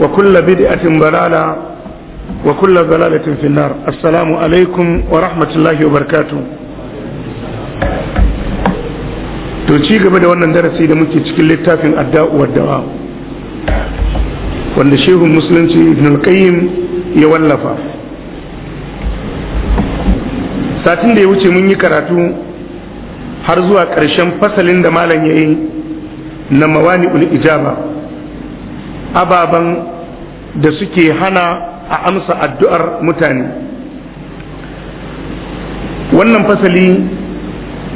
وكل بدعة ضلالة وكل ضلالة في النار السلام عليكم ورحمة الله وبركاته to ci gaba da wannan darasi da muke cikin littafin adda'u dawa wanda shehun musulunci ibn al-qayyim ya wallafa satin da ya wuce mun yi karatu har zuwa ƙarshen fasalin da malam ya yi na mawani ijaba ababen da suke hana a amsa addu'ar mutane wannan fasali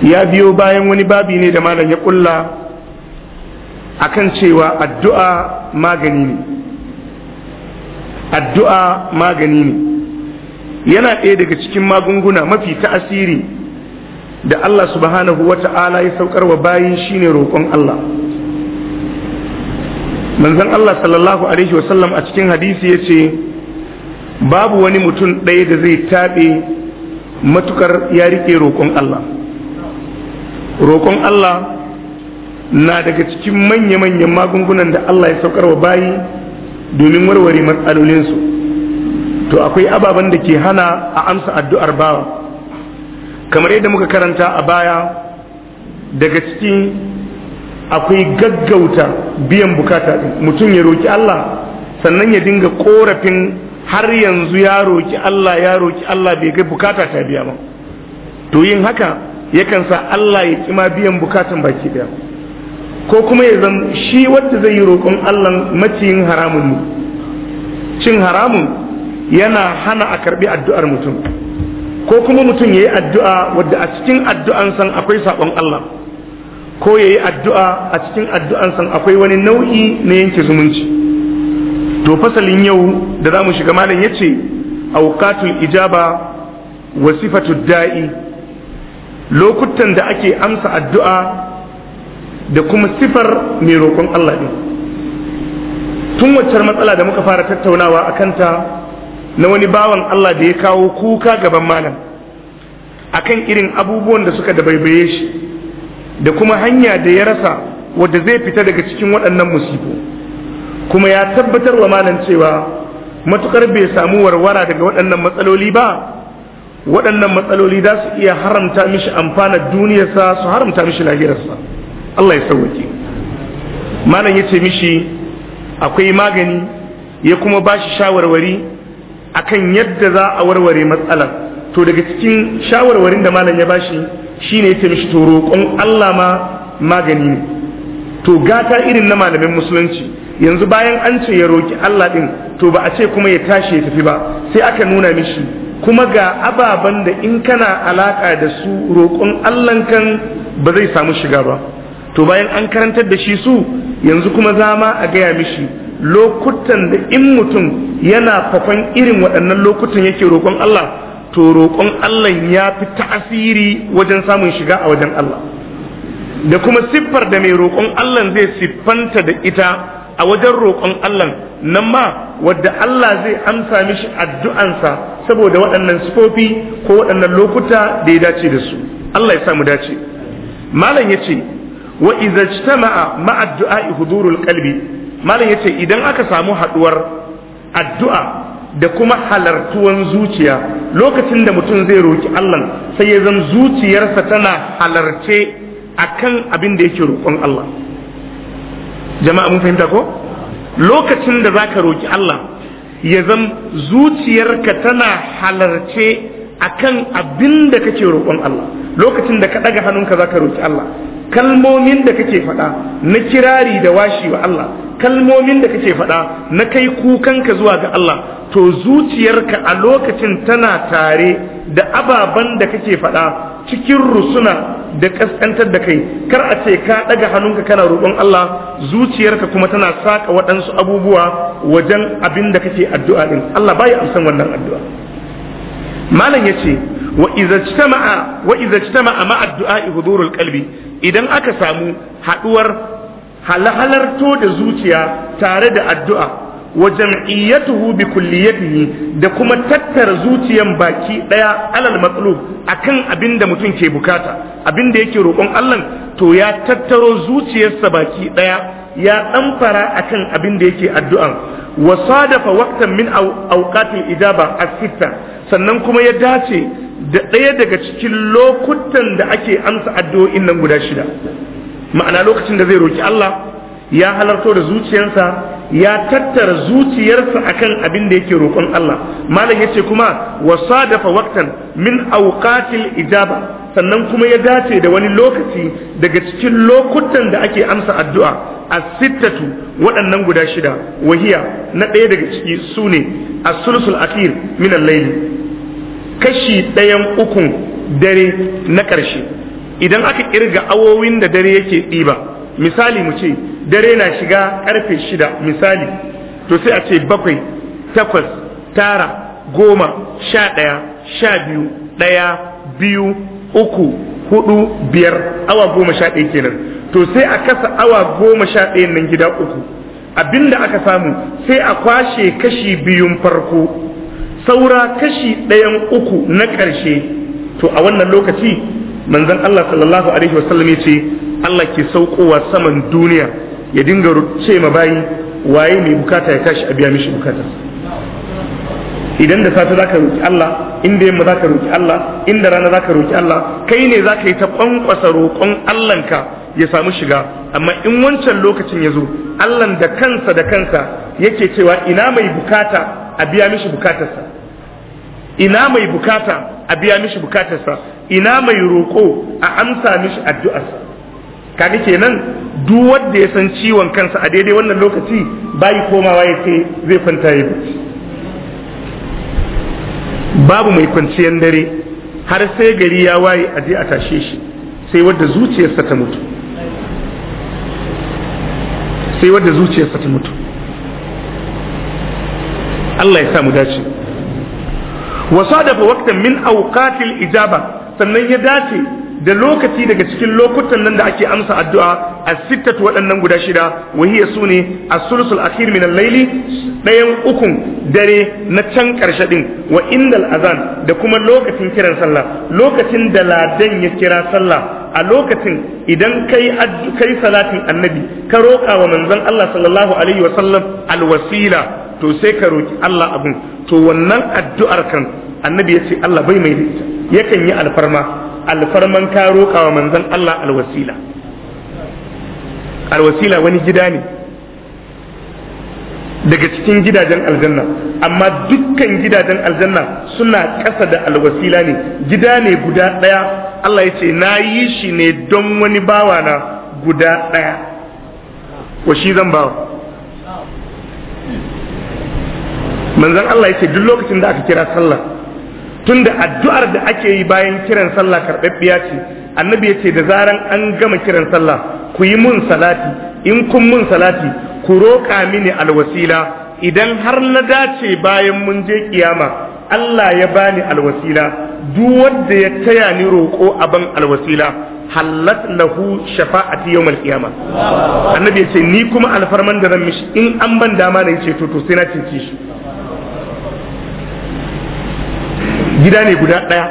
ya biyo bayan wani babi ne da malam ya kulla kan cewa addu'a magani ne addu'a magani ne yana ɗaya daga cikin magunguna mafi ta'asiri da Allah subhanahu wa ta'ala ya saukar wa bayin shine roƙon Allah manzon Allah sallallahu alaihi wasallam a cikin hadisi ya ce babu wani mutum ɗaya da zai taɓe matukar ya riƙe roƙon Allah roƙon Allah na daga cikin manya-manyan magungunan da Allah ya saukar wa bayi domin warware matsalolinsu to akwai ababen da ke hana a amsa addu'ar bawa kamar yadda muka karanta a baya daga cikin akwai gaggauta biyan bukata mutum ya roki Allah sannan ya dinga korafin har yanzu ya roki Allah ya roki Allah bai kai bukata ta biya ba to yin haka yakan sa Allah ya kima biyan bukatan baki daya ko kuma ya zan shi wanda zai yi roƙon Allah maciyin haramun ne cin haramun yana hana a karbi addu'ar mutum ko kuma mutum ya yi addu'a wadda a cikin addu'an san akwai saɓon Allah ko ya yi addu'a a cikin addu'ansa akwai wani nau'i na yanke zumunci to fasalin yau da za mu shiga malam ya ce aukatul ijaba wa sifatu da'i lokutan da ake amsa addu'a da kuma sifar mai roƙon Allah ɗin tun waccar matsala da muka fara tattaunawa a kanta na wani bawan Allah da ya kawo kuka gaban malam akan irin abubuwan da suka dabaibaye shi da kuma hanya da ya rasa wadda zai fita daga cikin waɗannan musibu kuma ya tabbatar wa malam cewa matukar bai samu warwara daga waɗannan matsaloli ba waɗannan matsaloli za su iya haramta mishi amfana duniyarsa su haramta mishi lahirarsa Allah ya sauwake malam ya ce mishi akwai magani ya kuma ba shi shawarwari akan yadda za a warware matsalar to daga cikin shawarwarin da malam ya bashi shine ya ce mishi to roƙon Allah ma magani ne to gata irin na malamin musulunci yanzu bayan an ce ya roƙi Allah din to ba a ce kuma ya tashi ya tafi ba sai aka nuna mishi kuma ga ababen da in kana alaka da su roƙon Allah kan ba zai samu shiga ba to bayan an karantar da shi su yanzu kuma zama a gaya mishi lokutan da in mutum yana fafan irin waɗannan lokutan yake roƙon Allah to roƙon Allah ya fi ta'asiri wajen samun shiga a wajen Allah da kuma siffar da mai roƙon Allah zai siffanta da ita a wajen roƙon Allah nan ma wadda Allah zai amsa mishi addu'ansa saboda waɗannan sifofi ko waɗannan lokuta da ya dace da su Allah ya samu dace malam ya ce wa izajtama'a ma'a du'a'i hudurul qalbi malam ya ce idan aka samu haɗuwar addu'a da kuma halartuwan zuciya lokacin da mutum zai roki Allah sai ya zama zuciyarsa tana halarce akan abin da yake roƙon Allah jama'a mun fahimta ko lokacin da zaka roki Allah ya zama zuciyarka tana halarce akan abin da kake roƙon Allah lokacin da ka ɗaga hannunka zaka roki Allah kalmomin da kake faɗa na kirari da washi wa Allah kalmomin da kake faɗa na kai kukanka zuwa ga Allah to zuciyarka a lokacin tana tare da ababen da kake faɗa cikin rusuna da ƙasƙantar da kai kar a ce ka ɗaga hannunka kana roƙon Allah zuciyarka kuma tana saka waɗansu abubuwa wajen abin da kake addu'a din Allah ya amsan wannan addu'a malam yace wa idza ijtama'a wa idza ijtama'a ma'a du'a'i qalbi idan aka samu haduwar halahalarto da zuciya tare da addu'a wa jam'iyyatuhu bi kulliyatihi da kuma tattara zuciyan baki daya alal matsalub akan abinda mutum ke bukata abinda yake roƙon Allah to ya tattaro zuciyarsa baki daya ya ɗamfara akan abinda yake addu'an wa sadafa waqtan min awqatil ijaba as sannan kuma ya dace da ɗaya daga cikin lokutan da ake amsa addu'o'in nan guda shida ma'ana lokacin da zai roki Allah ya halarto da zuciyarsa ya tattara zuciyarsa akan abin da yake roƙon Allah malam yace kuma wa sadafa waqtan min awqatil ijaba sannan kuma ya dace da wani lokaci daga cikin lokutan da ake amsa addu'a a sittatu waɗannan guda shida wahiya na ɗaya daga ciki su ne a sulusul akhir min al kashi ɗayan ukun dare na ƙarshe idan aka ƙirga awowin da dare yake ɗiba misali mu ce dare na shiga ƙarfe shida misali to sai a ce bakwai takwas tara goma sha ɗaya sha biyu ɗaya biyu uku hudu biyar awa goma sha ɗaya kenan to sai a kasa awa goma sha ɗaya nan gida uku abinda aka samu sai a kwashe kashi biyun farko saura kashi ɗayan uku na ƙarshe to a wannan lokaci manzon Allah sallallahu alaihi wasallam ya ce Allah ke saukowa saman duniya ya dinga ce ma bayi waye mai bukata ya tashi a biya mishi bukata idan da safe zaka roki Allah inda yamma zaka roki Allah inda rana zaka roki Allah kai ne zaka yi ta kwankwasa roƙon ka ya samu shiga amma in wancan lokacin ya zo allan da kansa da kansa yake cewa ina mai bukata a biya mishi bukatarsa ina mai bukata a biya mishi bukatarsa ina mai roƙo a amsa mishi addu'arsa kaga kenan duk wanda ya san ciwon kansa a daidai wannan lokaci bai komawa ya ce zai kwanta ya bacci babu mai kwanciyar dare har sai gari ya waye a je a tashe shi sai wadda zuciyarsa ta mutu sai wadda zuciyarsa ta mutu Allah ya sa mu dace wa sadafa waqtan min awqatil ijaba sannan ya dace da lokaci daga cikin lokutan nan da ake amsa addu'a a sittatu waɗannan guda shida wa hiya sune as sulsul akhir min al-layli dayan ukun dare na can karshe din wa indal azan da kuma lokacin kiran sallah lokacin da ladan ya kira sallah a lokacin idan kai kai salatin annabi ka roƙa wa manzon Allah sallallahu alaihi wa sallam alwasila to sai ka roki Allah abin to wannan addu'ar kan annabi ya ce Allah bai mai ita yakan yi alfarma alfarman ka roƙa wa manzon Allah alwasila alwasila wani gida ne daga cikin gidajen aljanna amma dukkan gidajen aljanna suna ƙasa da alwasila ne gida ne guda ɗaya Allah ya ce na yi shi ne don wani bawana guda ɗaya wa zan bawa manzon Allah yace duk lokacin da aka kira sallah tunda addu'ar da ake yi bayan kiran sallah karɓaɓɓiya ce annabi yace da zaran an gama kiran sallah ku yi mun salati in kun mun salati ku roƙa mini alwasila idan har na dace bayan mun je kiyama Allah ya bani alwasila duk wanda ya taya ni roƙo a ban alwasila hallat lahu shafa'ati yawmal qiyama annabi ya ce ni kuma alfarman da zan mishi in an ban dama na yi to to sai na cece shi gida ne guda ɗaya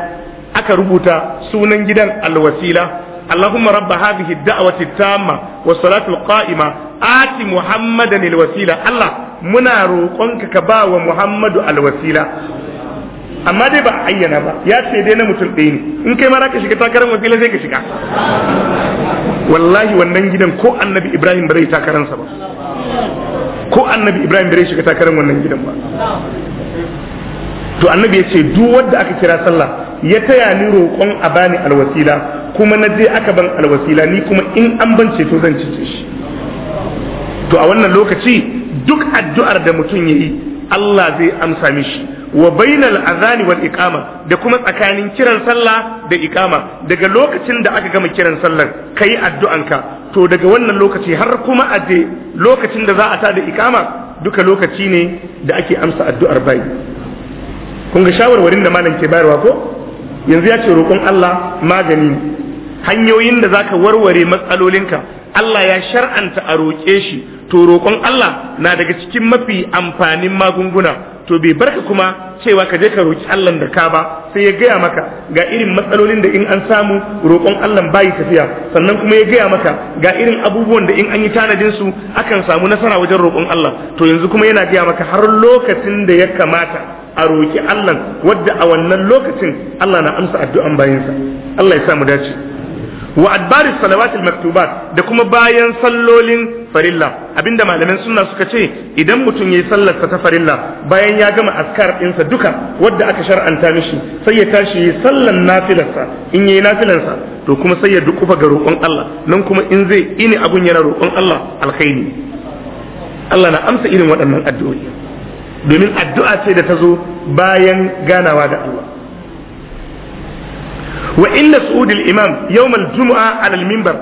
aka rubuta sunan gidan alwasila اللهم رب هذه الدعوة التامة والصلاة القائمة آت محمدا الوسيلة الله منا روقنك كبا ومحمد الوسيلة amma dai ba a ayyana ba ya ce dai na mutum ɗaya ne in kai ma za ka shiga takarar wasila sai ka shiga wallahi wannan gidan ko annabi ibrahim ba zai takaransa ba ko annabi ibrahim ba zai shiga takarar wannan gidan ba to annabi ya ce duk wanda aka kira sallah ya taya ni roƙon a bani alwasila kuma na je aka ban alwasila ni kuma in an ban ceto zan cece shi to a wannan lokaci duk addu'ar da mutum ya yi Allah zai amsa mishi wa bainal azani wal iqama da kuma tsakanin kiran sallah da iqama daga lokacin da aka gama kiran sallar kai addu'anka to daga wannan lokaci har kuma a je lokacin da za a tada iqama duka lokaci ne da ake amsa addu'ar bai kun ga shawarwarin da malam ke bayarwa ko yanzu ya ce roƙon Allah magani hanyoyin da zaka warware matsalolinka Allah ya shar'anta a roƙe shi to roƙon Allah na daga cikin mafi amfanin magunguna to bai barka kuma cewa ka je ka roƙi Allah da ka ba sai ya gaya maka ga irin matsalolin da in an samu roƙon Allah bayi tafiya sannan kuma ya gaya maka ga irin abubuwan da in an yi tanadin su akan samu nasara wajen roƙon Allah to yanzu kuma yana gaya maka har lokacin da ya kamata a roƙi Allah wadda a wannan lokacin Allah na amsa addu'an bayinsa Allah ya sa mu dace wa adbari maktubat da kuma bayan sallolin farilla abinda malaman sunna suka ce idan mutum yayi sallar ta farilla bayan ya gama askar ɗinsa duka wadda aka shar'anta mishi sai ya tashi yayi sallar nafilarsa in yayi nafilarsa to kuma sai ya dukufa ga roƙon Allah nan kuma in zai ini abun yana roƙon Allah alkhairi Allah na amsa irin waɗannan addu'o'i domin addu'a ce da ta zo bayan ganawa da Allah wa inna imam yawmal jumu'a alal minbar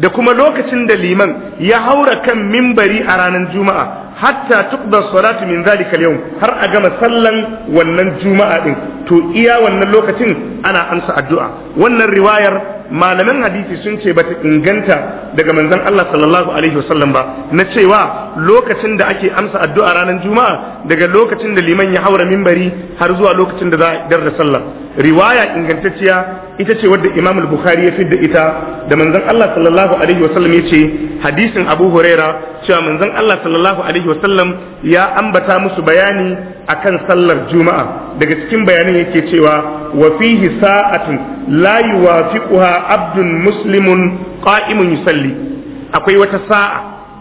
da kuma lokacin da liman ya haura kan mimbari a ranar juma'a hatta tuqda salatu min zalika al har a gama sallan wannan juma'a din to iya wannan lokacin ana amsa addu'a wannan riwayar malaman hadisi sun ce bata inganta daga manzon Allah sallallahu alaihi wasallam ba na cewa lokacin da ake amsa addu'a ranar juma'a daga lokacin da liman ya haura mimbari har zuwa lokacin da za a dar da sallah riwaya ingantacciya ita ce wadda Imam al-Bukhari ya fidda ita da manzon Allah sallallahu alaihi wasallam ya ce hadisin Abu Huraira cewa manzon Allah sallallahu alaihi wasallam ya ambata musu bayani akan sallar juma'a daga cikin bayanin yake cewa wa fihi sa'atun la yuwafiquha abdun muslimun qa'imun yusalli akwai wata sa'a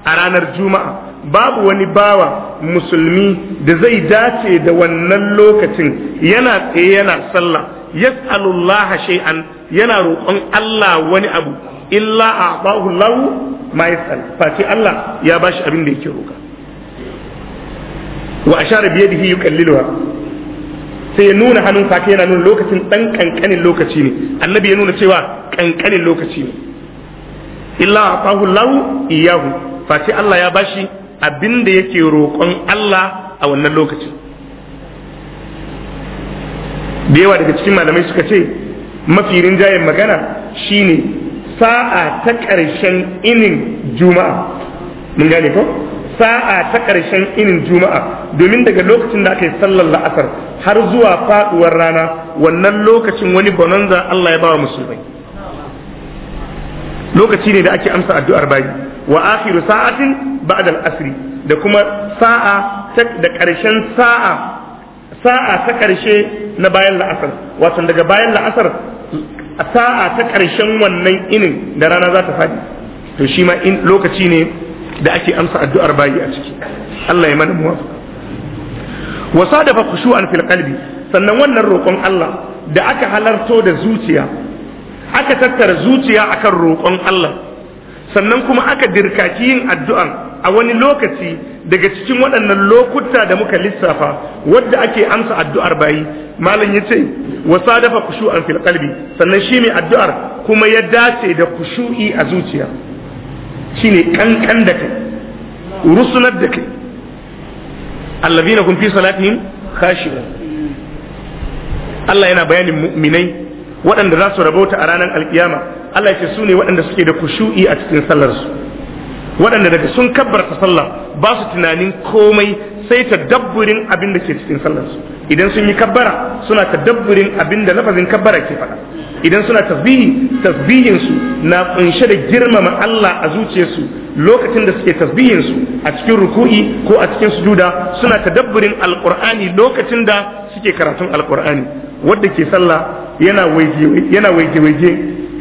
a ranar juma'a babu wani bawa musulmi da zai dace da wannan lokacin yana tsaye yana sallah yas'alullaha shay'an yana roƙon Allah wani abu illa a'tahu Allah ma yasal fati Allah ya bashi abin da yake roka wa ashara bi yadihi yuqalliluha sai ya nuna hannun fati yana nuna lokacin ɗan ƙanƙanin lokaci ne annabi ya nuna cewa ƙanƙanin lokaci ne illa a'tahu Allah iyahu fati Allah ya bashi abin da yake roƙon Allah a wannan lokacin da yawa daga cikin malamai suka ce mafi rinjayen magana shine sa'a ta ƙarshen inin juma'a mun gane ko sa'a ta ƙarshen inin juma'a domin daga lokacin da aka yi sallar la'asar har zuwa faɗuwar rana wannan lokacin wani bonanza Allah ya bawa musulmai lokaci ne da ake amsa addu'ar bayi wa akhiru sa'atin ba'da al da kuma sa'a da ƙarshen sa'a sa'a ta ƙarshe na bayan la'asar wato daga bayan la'asar a sa'a ta ƙarshen wannan inin da rana za ta faɗi to shi ma in lokaci ne da ake amsa addu'ar bayi a ciki Allah ya mana muwafaqa wa sadafa khushu'an fil qalbi sannan wannan roƙon Allah da aka halarto da zuciya aka tattara zuciya akan roƙon Allah sannan kuma aka dirkaki yin addu'an a wani lokaci daga cikin waɗannan lokuta da muka lissafa wadda ake amsa addu'ar bayi malam ya ce wa sadafa kushu'an fil qalbi sannan shi mai addu'ar kuma ya dace da kushu'i a zuciya shine kankan da kai rusunar da kai allazina kun fi salatihim khashi'un Allah yana bayanin mu'minai waɗanda za su rabauta a ranar alkiyama Allah ya ce su ne waɗanda suke da kushu'i a cikin sallarsu waɗanda daga sun kabbarta sallah ba su tunanin komai sai tadabburin abin da ke cikin sallarsu idan sun yi kabbara suna tadabburin abin da lafazin kabbara ke faɗa idan suna tasbihi tasbihinsu na kunshe da girmama Allah a zuciyarsu lokacin da suke tasbihinsu a cikin ruku'i ko a cikin sujuda suna tadabburin alqur'ani lokacin da suke karatun alqur'ani wanda ke sallah yana waje yana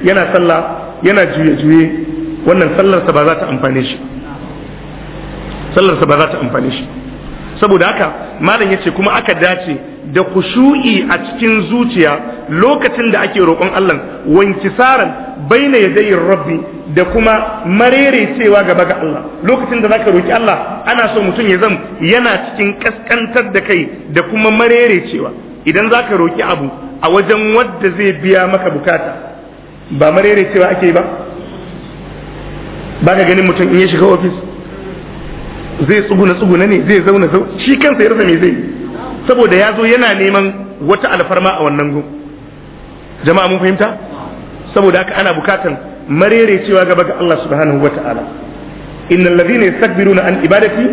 yana sallah yana juye juye wannan sallarsa ba za ta amfane shi sallarsa ba za ta amfane shi saboda haka malam yace kuma aka dace da kushu'i a cikin zuciya lokacin da ake roƙon Allah wanki saran baina yadayir rabbi da kuma marerecewa gaba ga Allah lokacin da zaka roki Allah ana so mutum ya zama yana cikin kaskantar da kai da kuma marerecewa idan zaka roki abu a wajen wanda zai biya maka bukata ba marerecewa ake ba ba ganin mutum in ya shiga ofis zai tsuguna tsuguna ne zai zauna zau shi kansa ya rasa me zai saboda ya zo yana neman wata alfarma a wannan gun jama'a mun fahimta saboda haka ana bukatan marere cewa gaba ga Allah subhanahu wa ta'ala innal ladhina yastakbiruna an ibadati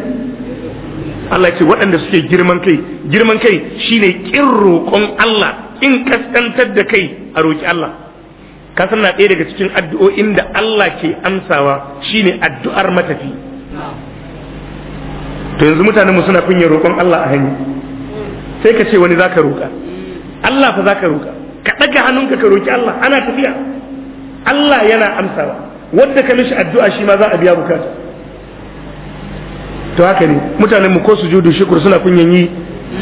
Allah ce waɗanda suke girman kai girman kai shine kin roƙon Allah in kaskantar da kai a roki Allah ka san na ɗaya daga cikin addu'o'in da Allah ke amsawa shine addu'ar matafi to yanzu mutanen mu suna kunyar roƙon Allah a hanyar. sai ka ce wani zaka roƙa Allah fa zaka roƙa ka ɗaga hannunka ka roƙi Allah ana tafiya Allah yana amsawa wanda ka mishi addu'a shi ma za a biya bukata to haka ne mutanen mu ko judu shukur suna kunyan yi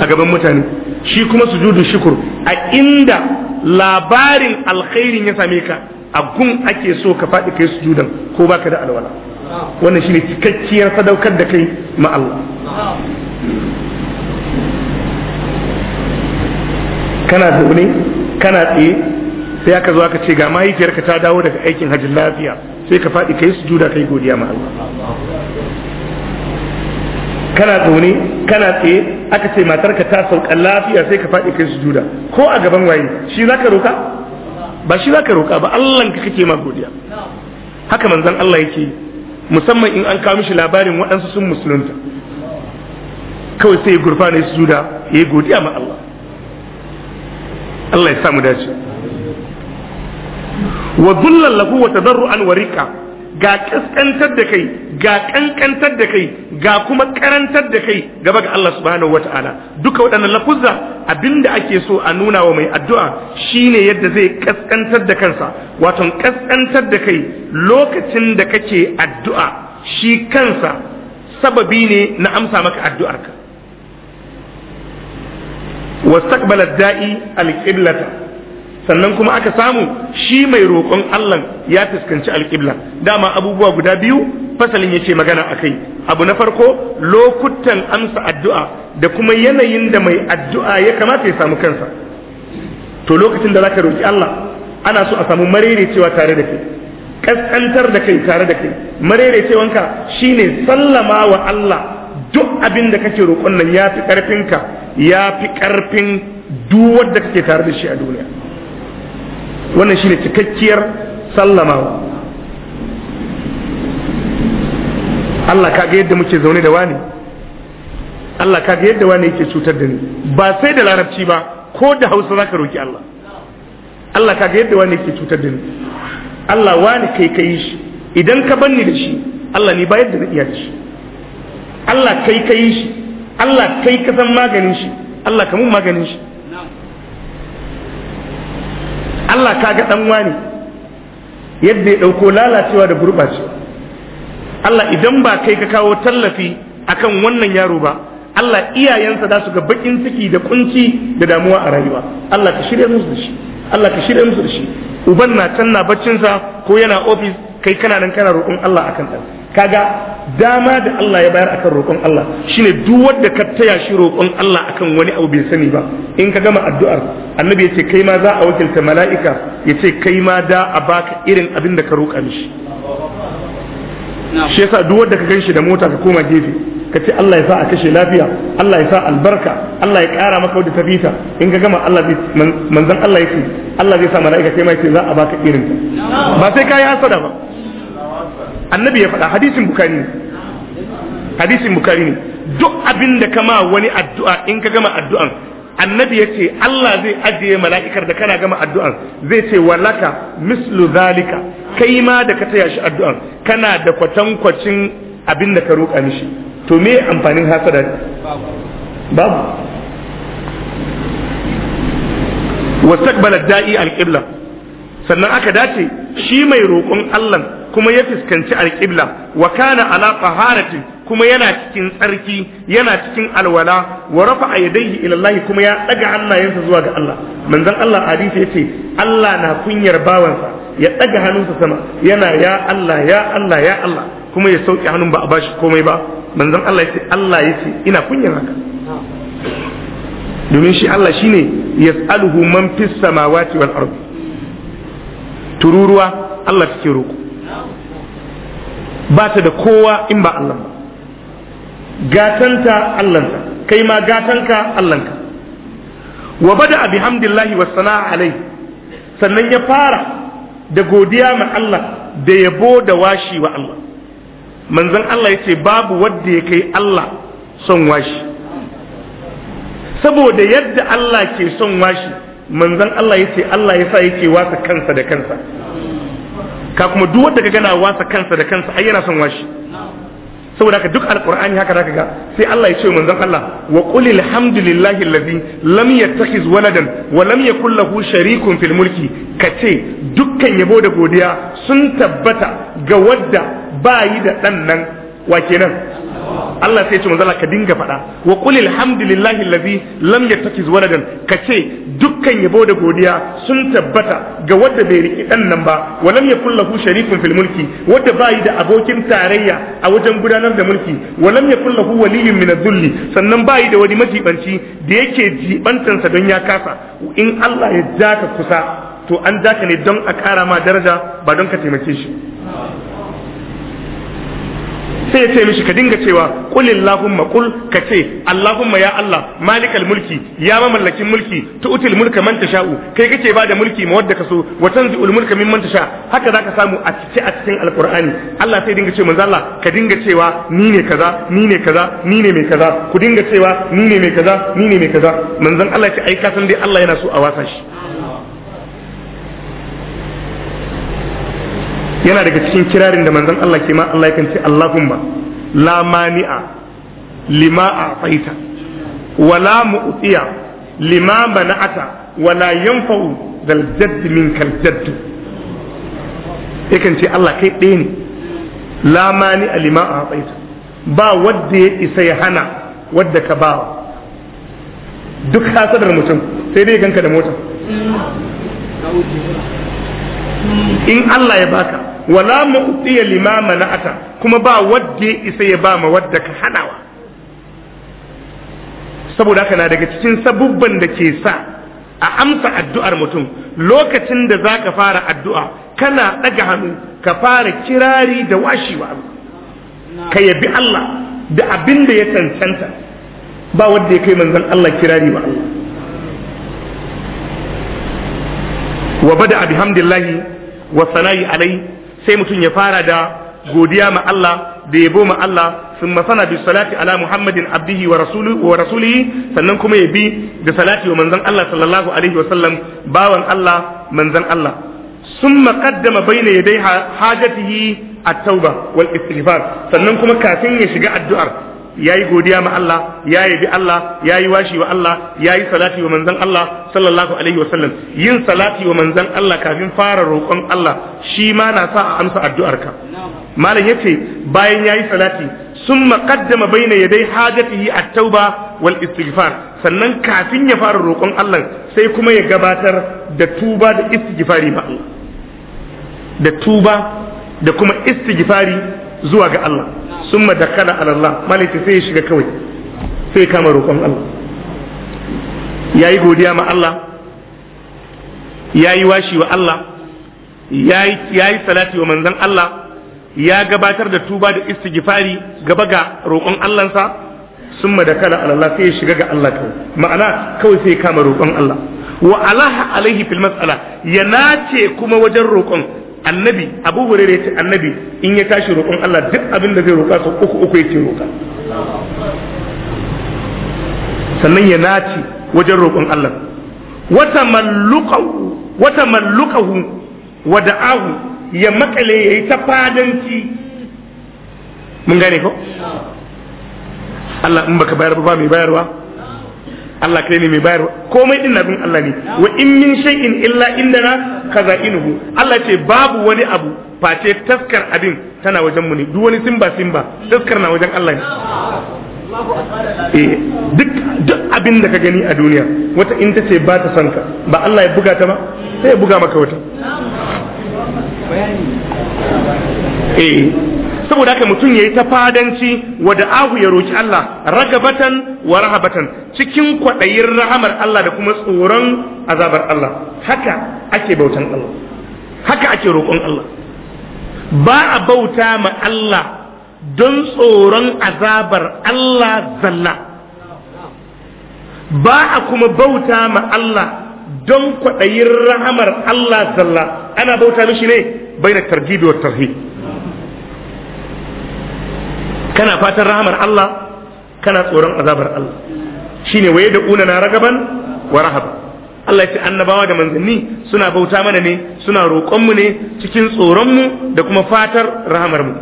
a gaban mutane shi kuma su judu shukur a inda labarin alkhairin ya same ka a gun ake so ka faɗi kai sujudan ko ba ka da alwala wannan shine cikakkiyar sadaukar da kai ma Allah kana zaune kana tsaye sai aka zo aka ce ga mahaifiyarka ta dawo daga aikin hajji lafiya sai ka faɗi kai sujuda kai godiya ma Allah kana zaune kana tsaye aka ce matarka ta sauka lafiya sai ka faɗi kai sujuda ko a gaban waye shi zaka roka ba shi zaka roka ba Allah ka kake ma godiya haka manzon Allah yake musamman in an kawo mishi labarin waɗansu sun musulunta kawai sai ya ne sujuda ya godiya ma Allah Allah ya samu dace wa dhullan lahu wa tadarruan wa riqa ga ƙasƙantar da kai ga ƙanƙantar da kai ga kuma karantar da kai gaba ga Allah subhanahu wata'ala duka waɗannan lafuzza abinda ake so a nuna wa mai addu'a shine yadda zai ƙasƙantar da kansa wato ƙasƙantar da kai lokacin da kake addu'a shi kansa sababi ne na amsa maka addu'arka wastaqbala da'i alqiblata sannan kuma aka samu shi mai roƙon Allah ya fuskanci alƙibla dama abubuwa guda biyu fasalin ya ce magana akai abu na farko lokutan amsa addu'a da kuma yanayin da mai addu'a ya kamata ya samu kansa to lokacin da zaka roki Allah ana so a samu cewa tare da kai kaskantar da kai tare da kai marerecewanka shine sallama wa Allah duk abin da kake roƙon nan ya fi ƙarfinka ya fi ƙarfin duk wanda kake tare da shi a duniya wannan shine cikakkiyar sallamawa Allah ka ga yadda muke zaune da wani Allah ka ga yadda wani yake cutar da ni ba sai da larabci ba ko da hausa zaka roki Allah Allah ka ga yadda wani yake cutar da ni Allah wani kai kai shi idan ka banni da shi Allah ni ba yadda na iya da shi Allah kai kai shi Allah kai ka san maganin shi Allah ka mun maganin shi Allah kaga dan wani yadda ya ɗauko lalacewa da gurbacewa Allah idan ba kai ka kawo tallafi akan wannan yaro ba Allah iyayensa za su ga bakin ciki da kunci da damuwa a rayuwa Allah ka shirya musu da shi Allah ka shirya musu da shi uban na can na baccinsa ko yana ofis kai kana nan kana roƙon Allah akan ɗan kaga dama da Allah ya bayar akan roƙon Allah shine duk wanda ka taya shi roƙon Allah akan wani abu bai sani ba in ka gama addu'ar annabi ya ce kai ma za a wakilta mala'ika ya ce kai ma da a baka irin abin da ka roƙa mishi shi yasa duk wanda ka ganshi da mota ka koma gefe ka ce Allah ya sa a kashe lafiya Allah ya sa albarka Allah ya ƙara maka wadda fita. in ka gama Allah manzan Allah ya ce Allah zai sa mala'ika kai ma ce za a baka irin ba sai ka yi hasada ba annabi ya faɗa hadisin bukari ne hadisin bukari ne duk abin da kama wani addu'a in ka gama addu'an annabi ya ce Allah zai ajiye mala'ikar da kana gama addu'an zai ce walaka mislu zalika kai ma da ka taya shi addu'an kana da kwatankwacin abin da ka roƙa mishi to me amfanin hasada babu wastaqbala da'i al-qibla sannan aka dace shi mai roƙon Allah kuma ya fuskanci alƙibla wa kana ala taharatin kuma yana cikin tsarki yana cikin alwala wa rafa yadayhi ila Allah kuma ya daga hannayensa zuwa ga Allah manzon Allah hadisi yace Allah na kunyar bawansa ya daga hannunsa sama yana ya Allah ya Allah ya Allah kuma ya sauke hannun ba a bashi komai ba manzon Allah yace Allah yace ina kunyar haka domin shi Allah shine yas'aluhu man fis samawati wal ardi tururuwa Allah take roƙo ba ta da kowa in ba Allah ba gatanta Allahnta kai ma gatanka Allahnka wa bada bi hamdillahi wa sana'a alai sannan ya fara da godiya ma Allah da yabo da washi wa Allah manzon Allah ya ce babu wanda ya kai Allah son washi saboda yadda Allah ke son washi manzon Allah ce Allah yasa yake wasa kansa da kansa ka kuma duk wanda ka gana wasa kansa da kansa ai yana son washi saboda haka duk alqur'ani haka zaka ga sai Allah ya ce manzon Allah wa qul alhamdulillahi allazi lam yattakhiz waladan wa lam yakul lahu sharikun fil mulki kace dukkan yabo da godiya sun tabbata ga wadda bayi da dan nan wa kenan Allah sai ce manzala ka dinga faɗa wa qul alhamdulillahi allazi lam yattakhiz waladan ka ce dukkan yabo da godiya sun tabbata ga wanda bai riki dan nan ba wa lam yakul lahu sharikun fil mulki wanda bai da abokin tarayya a wajen gudanar da mulki wa lam yakul lahu waliyyun min adh-dhulli sannan bai da wani majibanci da yake jibantansa don ya kasa in Allah ya ja ka kusa to an ja ka ne don a kara ma daraja ba don ka taimake shi sai ya ce mishi ka dinga cewa qul allahumma qul ka ce allahumma ya allah malikal mulki ya mamallakin mulki tu'til mulka man tasha'u kai kake bada mulki ma wadda kaso wa tanzi'ul mulka mimman tasha haka zaka samu a cikin a cikin alqur'ani allah sai dinga ce manzo allah ka dinga cewa ni ne kaza ni ne kaza ni ne mai kaza ku dinga cewa ni ne mai kaza ni ne mai kaza manzon allah ya ce ai ka san dai allah yana so a wasa shi yana daga cikin kirarin da manzon Allah ke ma Allah yakan ce Allahumma la mani'a lima a'taita wa la mu'tiya lima bana'ata wa la yanfa'u dal jadd kal jadd yakan ce Allah kai ɗaya ne la mani'a lima a'taita ba wanda ya isa ya hana wadda ka ba duk hasadar mutum sai dai ganka da mota in Allah ya baka wala mu'tiya lima mana'ata kuma ba wadda isa ya ba ma wadda ka hanawa saboda haka na daga cikin sabubban da ke sa a amsa addu'ar mutum lokacin da za ka fara addu'a kana ɗaga hannu ka fara kirari da washewa ka yabi Allah da abin da ya cancanta ba wadda ya kai manzan Allah kirari ba Allah wa bada abi hamdillahi wa sanayi alai sai mutum ya fara da godiya ma Allah da yabo ma Allah sun masana bi salati ala Muhammadin abdihi wa rasuli wa rasulihi sannan kuma ya bi da salati wa manzon Allah sallallahu alaihi wa sallam bawan Allah manzon Allah summa qaddama bayna yaday hajatihi at-tauba wal istighfar sannan kuma kafin ya shiga addu'ar Ya yi godiya ma Allah ya yabi Allah yayi washi wa Allah yayi salati wa manzan Allah sallallahu alaihi wasallam yin salati wa manzan Allah kafin fara roƙon Allah shi ma na sa a amsa addu'arka malam ya ce bayan ya yi salati sun maƙaddama ثم قدم hajatihi a ta'uba wal istighfar sannan kafin ya fara roƙon Allah sai kuma ya gabatar da tuba da istighfari ba da tuba da kuma istighfari zuwa ga Allah summa dakala ala Allah maliki sai ya shiga kawai sai kama roƙon Allah Ya yi godiya ma Allah ya yi washi wa Allah ya yi salati wa manzan Allah ya gabatar da tuba da istighfari gaba ga roƙon Allahnsa summa dakala ala Allah sai ya shiga ga Allah kawai ma'ana kawai sai kama roƙon Allah wa alaha alaihi fil mas'ala ya nace kuma wajen roƙon annabi abu hurairu ya ce annabi in ya tashi roƙon Allah duk abin da zai roƙa sau uku uku yake roƙa sannan ya naci wajen roƙon Allah wata malluqahu wata malluqahu wa da'ahu ya makale yayi ta fadanci mun gane ko Allah in baka bayar ba mai bayarwa Allah kai ne mai bayar komai din nabin Allah ne wa in min shay'in illa indana kazainuhu Allah ce babu wani abu face taskar abin tana wajen mu ne duk wani simba simba taskar na wajen Allah ne eh duk duk abin da ka gani a duniya wata in tace ba ta son ka ba Allah ya buga ta ba sai ya buga maka wata eh saboda haka mutum yayi ta fadanci wa da'ahu ya roki Allah ragabatan wa rahabatan cikin kwaɗayin rahamar Allah da kuma tsoron azabar Allah haka ake bautan Allah haka ake roƙon Allah ba a bauta ma Allah don tsoron azabar Allah zalla ba a kuma bauta ma Allah don kwaɗayin rahamar Allah zalla ana bauta mishi ne bai da targibi wa tarhib kana fatan rahamar Allah kana tsoron azabar Allah shine waye da una na ragaban wa rahaba Allah ya ce annabawa da manzanni suna bauta mana ne suna roƙon mu ne cikin tsoron mu da kuma fatar rahamar mu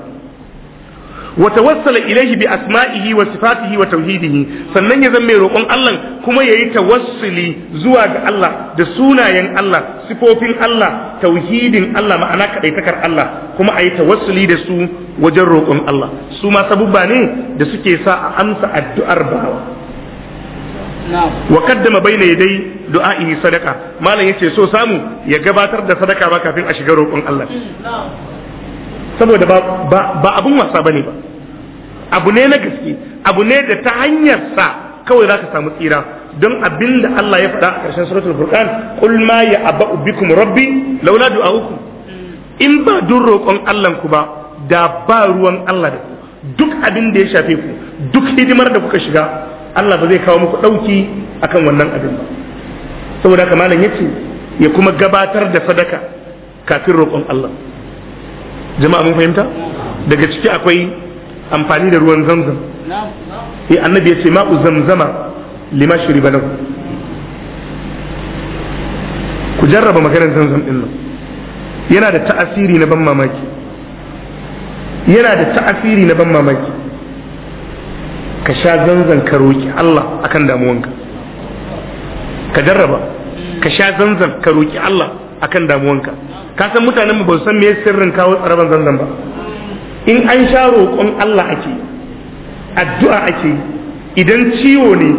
wa tawassala ilaihi bi asma'ihi wa sifatihi wa tauhidihi sannan ya zama roƙon Allah kuma yayi tawassuli zuwa ga Allah da sunayen Allah sifofin Allah tauhidin Allah ma'ana kaɗaitakar Allah kuma a yi tawassuli da su wajen roƙon Allah su ma sabubba ne da suke sa a amsa addu'ar bawa wa kaddama baina yadai du'a'ihi sadaka malam yace so samu ya gabatar da sadaka ba kafin a shiga roƙon Allah saboda ba abun wasa ne ba abu ne na gaske abu ne da ta hanyar sa kawai za ka samu tsira don abinda Allah ya faɗa a ƙarshen suratul furqan qul ma ya aba'u bikum rabbi laula du'aukum in ba dun roƙon Allah ku ba da ba ruwan Allah da ku duk abin da ya shafe ku duk hidimar da kuka shiga Allah ba zai kawo muku ɗauki akan wannan abin ba saboda haka malam yace ya kuma gabatar da sadaka kafin roƙon Allah jama'a mun fahimta daga ciki akwai amfani da ruwan zamzam eh annabi ya ce ma'u zamzama lima shuriba lahu ku jarraba maganar zamzam din nan yana da ta'asiri na ban mamaki yana da ta'asiri na ban mamaki ka sha zanzan ka roƙi Allah a kan damuwanka ka jarraba ka sha zanzan ka roƙi Allah a kan damuwanka ka san mutanenmu ba su san me sirrin kawo tsaraban zanzan ba in an sha roƙon Allah ake addu'a ake idan ciwo ne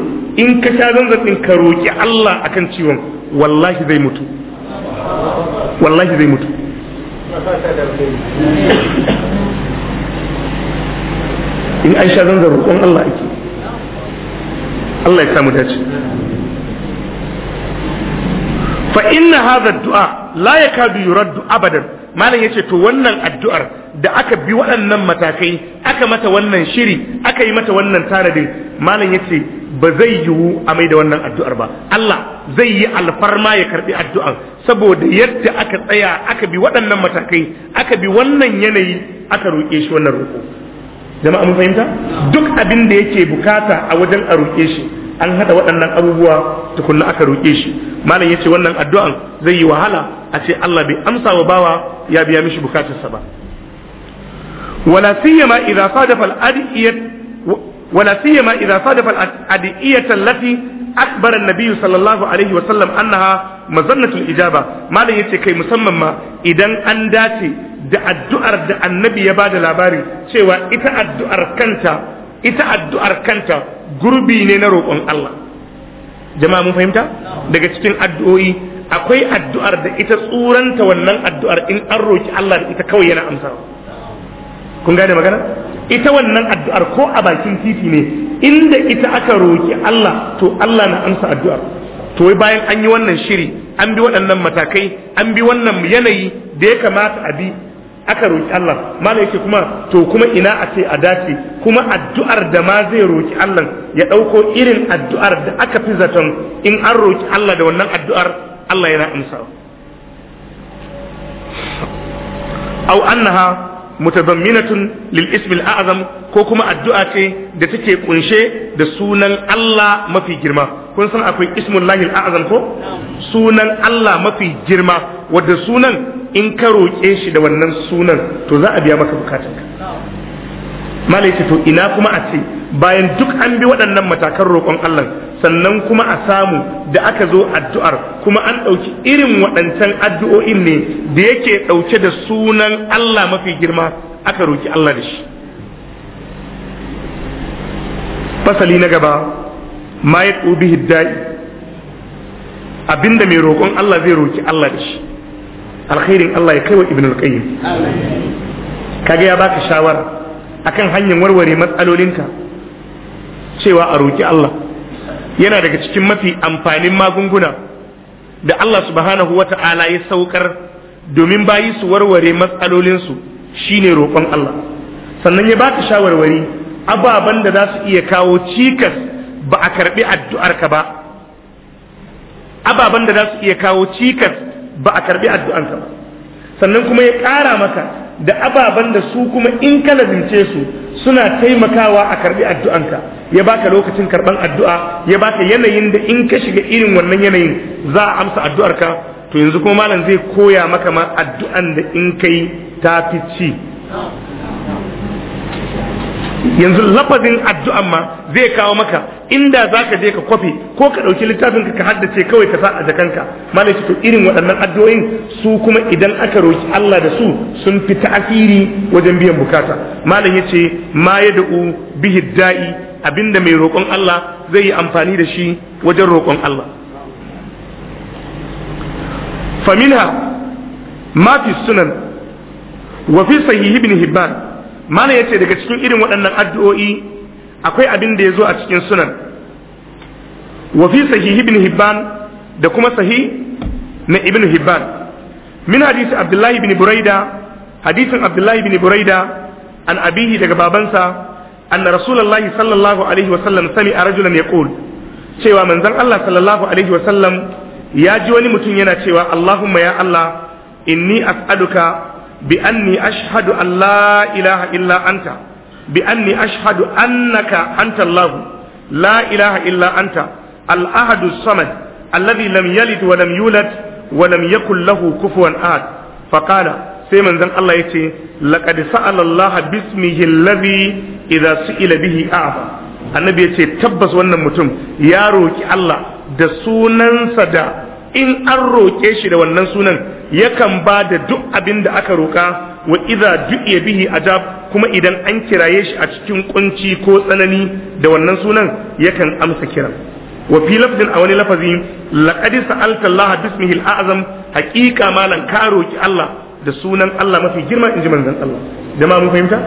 in ka sha zanzan ɗin ka roƙi Allah akan ciwon wallahi zai mutu wallahi zai mutu in an sha zanzan roƙon Allah ake Allah ya samu dace fa inna hadha du'a la yakadu yuraddu abadan malam yace to wannan addu'ar da aka bi waɗannan matakai aka mata wannan shiri aka yi mata wannan tanadin malam ya ce ba zai yiwu a mai da wannan addu'ar ba Allah zai yi alfarma ya karɓi addu'an saboda yadda aka tsaya aka bi waɗannan matakai aka bi wannan yanayi aka roƙe shi wannan roƙo jama'a mun fahimta duk abin da yake bukata a wajen a roƙe shi an hada waɗannan abubuwa tukunna aka roƙe shi malam ya ce wannan addu'an zai yi wahala a ce Allah bai amsa wa bawa ya biya mishi bukatarsa ba wala siyama idza sadafa al-adiyat ولا سيما إذا صادف الأدعية التي أخبر النبي صلى الله عليه وسلم أنها مظنة الإجابة ما لا يتكي مسمما إذا أن داتي da addu'ar da annabi ya ba da labari cewa ita addu'ar kanta gurbi ne na roƙon Allah jama'a mun fahimta daga cikin addu'o'i akwai addu'ar da ita tsuranta wannan addu'ar in an roki Allah da ita kawai yana amsawa kun gane magana ita wannan addu'ar ko a bakin titi ne inda ita aka roki Allah to Allah na amsa addu'ar to wai bayan an yi wannan shiri an bi waɗannan matakai an bi wannan yanayi da ya kamata a bi aka roki Allah mala yake kuma to kuma ina a ce a dace kuma addu'ar da ma zai roki Allah ya ɗauko irin addu'ar da aka fi zaton in an roki Allah da wannan addu'ar Allah yana amsa au أنها mutadamminatun lil ismil a'zam ko kuma addu'a ce da take kunshe da sunan Allah mafi girma kun san akwai ismullahi al-a'zam ko sunan Allah mafi girma wadda sunan in ka roƙe shi da wannan sunan to za a biya maka bukatanka malai to ina kuma a ce bayan duk an bi waɗannan matakan roƙon Allah sannan kuma a samu da aka zo addu'ar kuma an ɗauki irin waɗancan addu'o'in ne da yake ɗauke da sunan Allah mafi girma aka roƙi Allah da shi fasali na gaba ma ya ɗubi hiddai abinda mai roƙon Allah zai roƙi Allah da shi alkhairin Allah ya kai wa ibn al-qayyim kaga ya baka shawara akan hanyar warware matsalolinka cewa a roƙi Allah yana daga cikin mafi amfanin magunguna da Allah subhanahu wa ta'ala ya saukar domin bayi su warware matsalolinsu shine roƙon Allah sannan ya ba ka shawarwari ababen da za su iya kawo cikas ba a karɓi addu'arka ba ababen da za su iya kawo cikas ba a karɓi addu'arka ba sannan kuma ya ƙara maka da ababen da su kuma in ka lazimce su suna taimakawa a karbi addu'anka ya baka lokacin karban addu'a ya baka yanayin da in ka shiga irin wannan yanayin za a amsa addu'arka to yanzu kuma malam zai koya maka ma addu'an da in kai ta fi ci yanzu lafazin addu'an ma zai kawo maka inda za ka je ka kwafi ko ka ɗauki littafin ka haddace kawai ka sa a jakanka malaki to irin waɗannan addu'o'in su kuma idan aka roki Allah da su sun fi ta'asiri wajen biyan bukata malam yace ma yad'u bihi da'i abinda mai roƙon Allah zai yi amfani da shi wajen roƙon Allah faminha ma fi sunan wa fi sahih ibn hibban mana ya ce daga cikin irin waɗannan addu'o'i akwai abin da ya zo a cikin sunan wafi sahihi hibban da kuma sahi na ibn hibban min hadisi abdullahi bin buraida hadisin abdullahi bin buraida an abihi daga babansa anna rasulullahi sallallahu alaihi wa sallam sami a rajulan yaqul cewa manzon Allah sallallahu alaihi wa sallam ya ji wani mutum yana cewa Allahumma ya Allah inni as'aluka bi anni ashhadu an la ilaha illa anni ashhadu annaka anta Allah la ilaha illa anta al-ahad as-samad alladhi lam yalid wa lam yulad wa lam yakul ahad fa qala sai manzon Allah yace laqad sa'ala Allah bismihi alladhi idza su'ila bihi a'fa annabi yace tabbas wannan mutum ya roƙi Allah da sunansa da in an roƙe shi da wannan sunan yakan ba da duk abin da aka roƙa wa idza du'iya bihi ajab kuma idan an kiraye shi a cikin kunci ko tsanani da wannan sunan yakan amsa kiran wa fi lafzin a wani lafazi laqad sa'alta Allah bismihi al-a'zam haqiqa malan ka roki Allah da sunan Allah mafi girma inji manzon Allah jama'a mun fahimta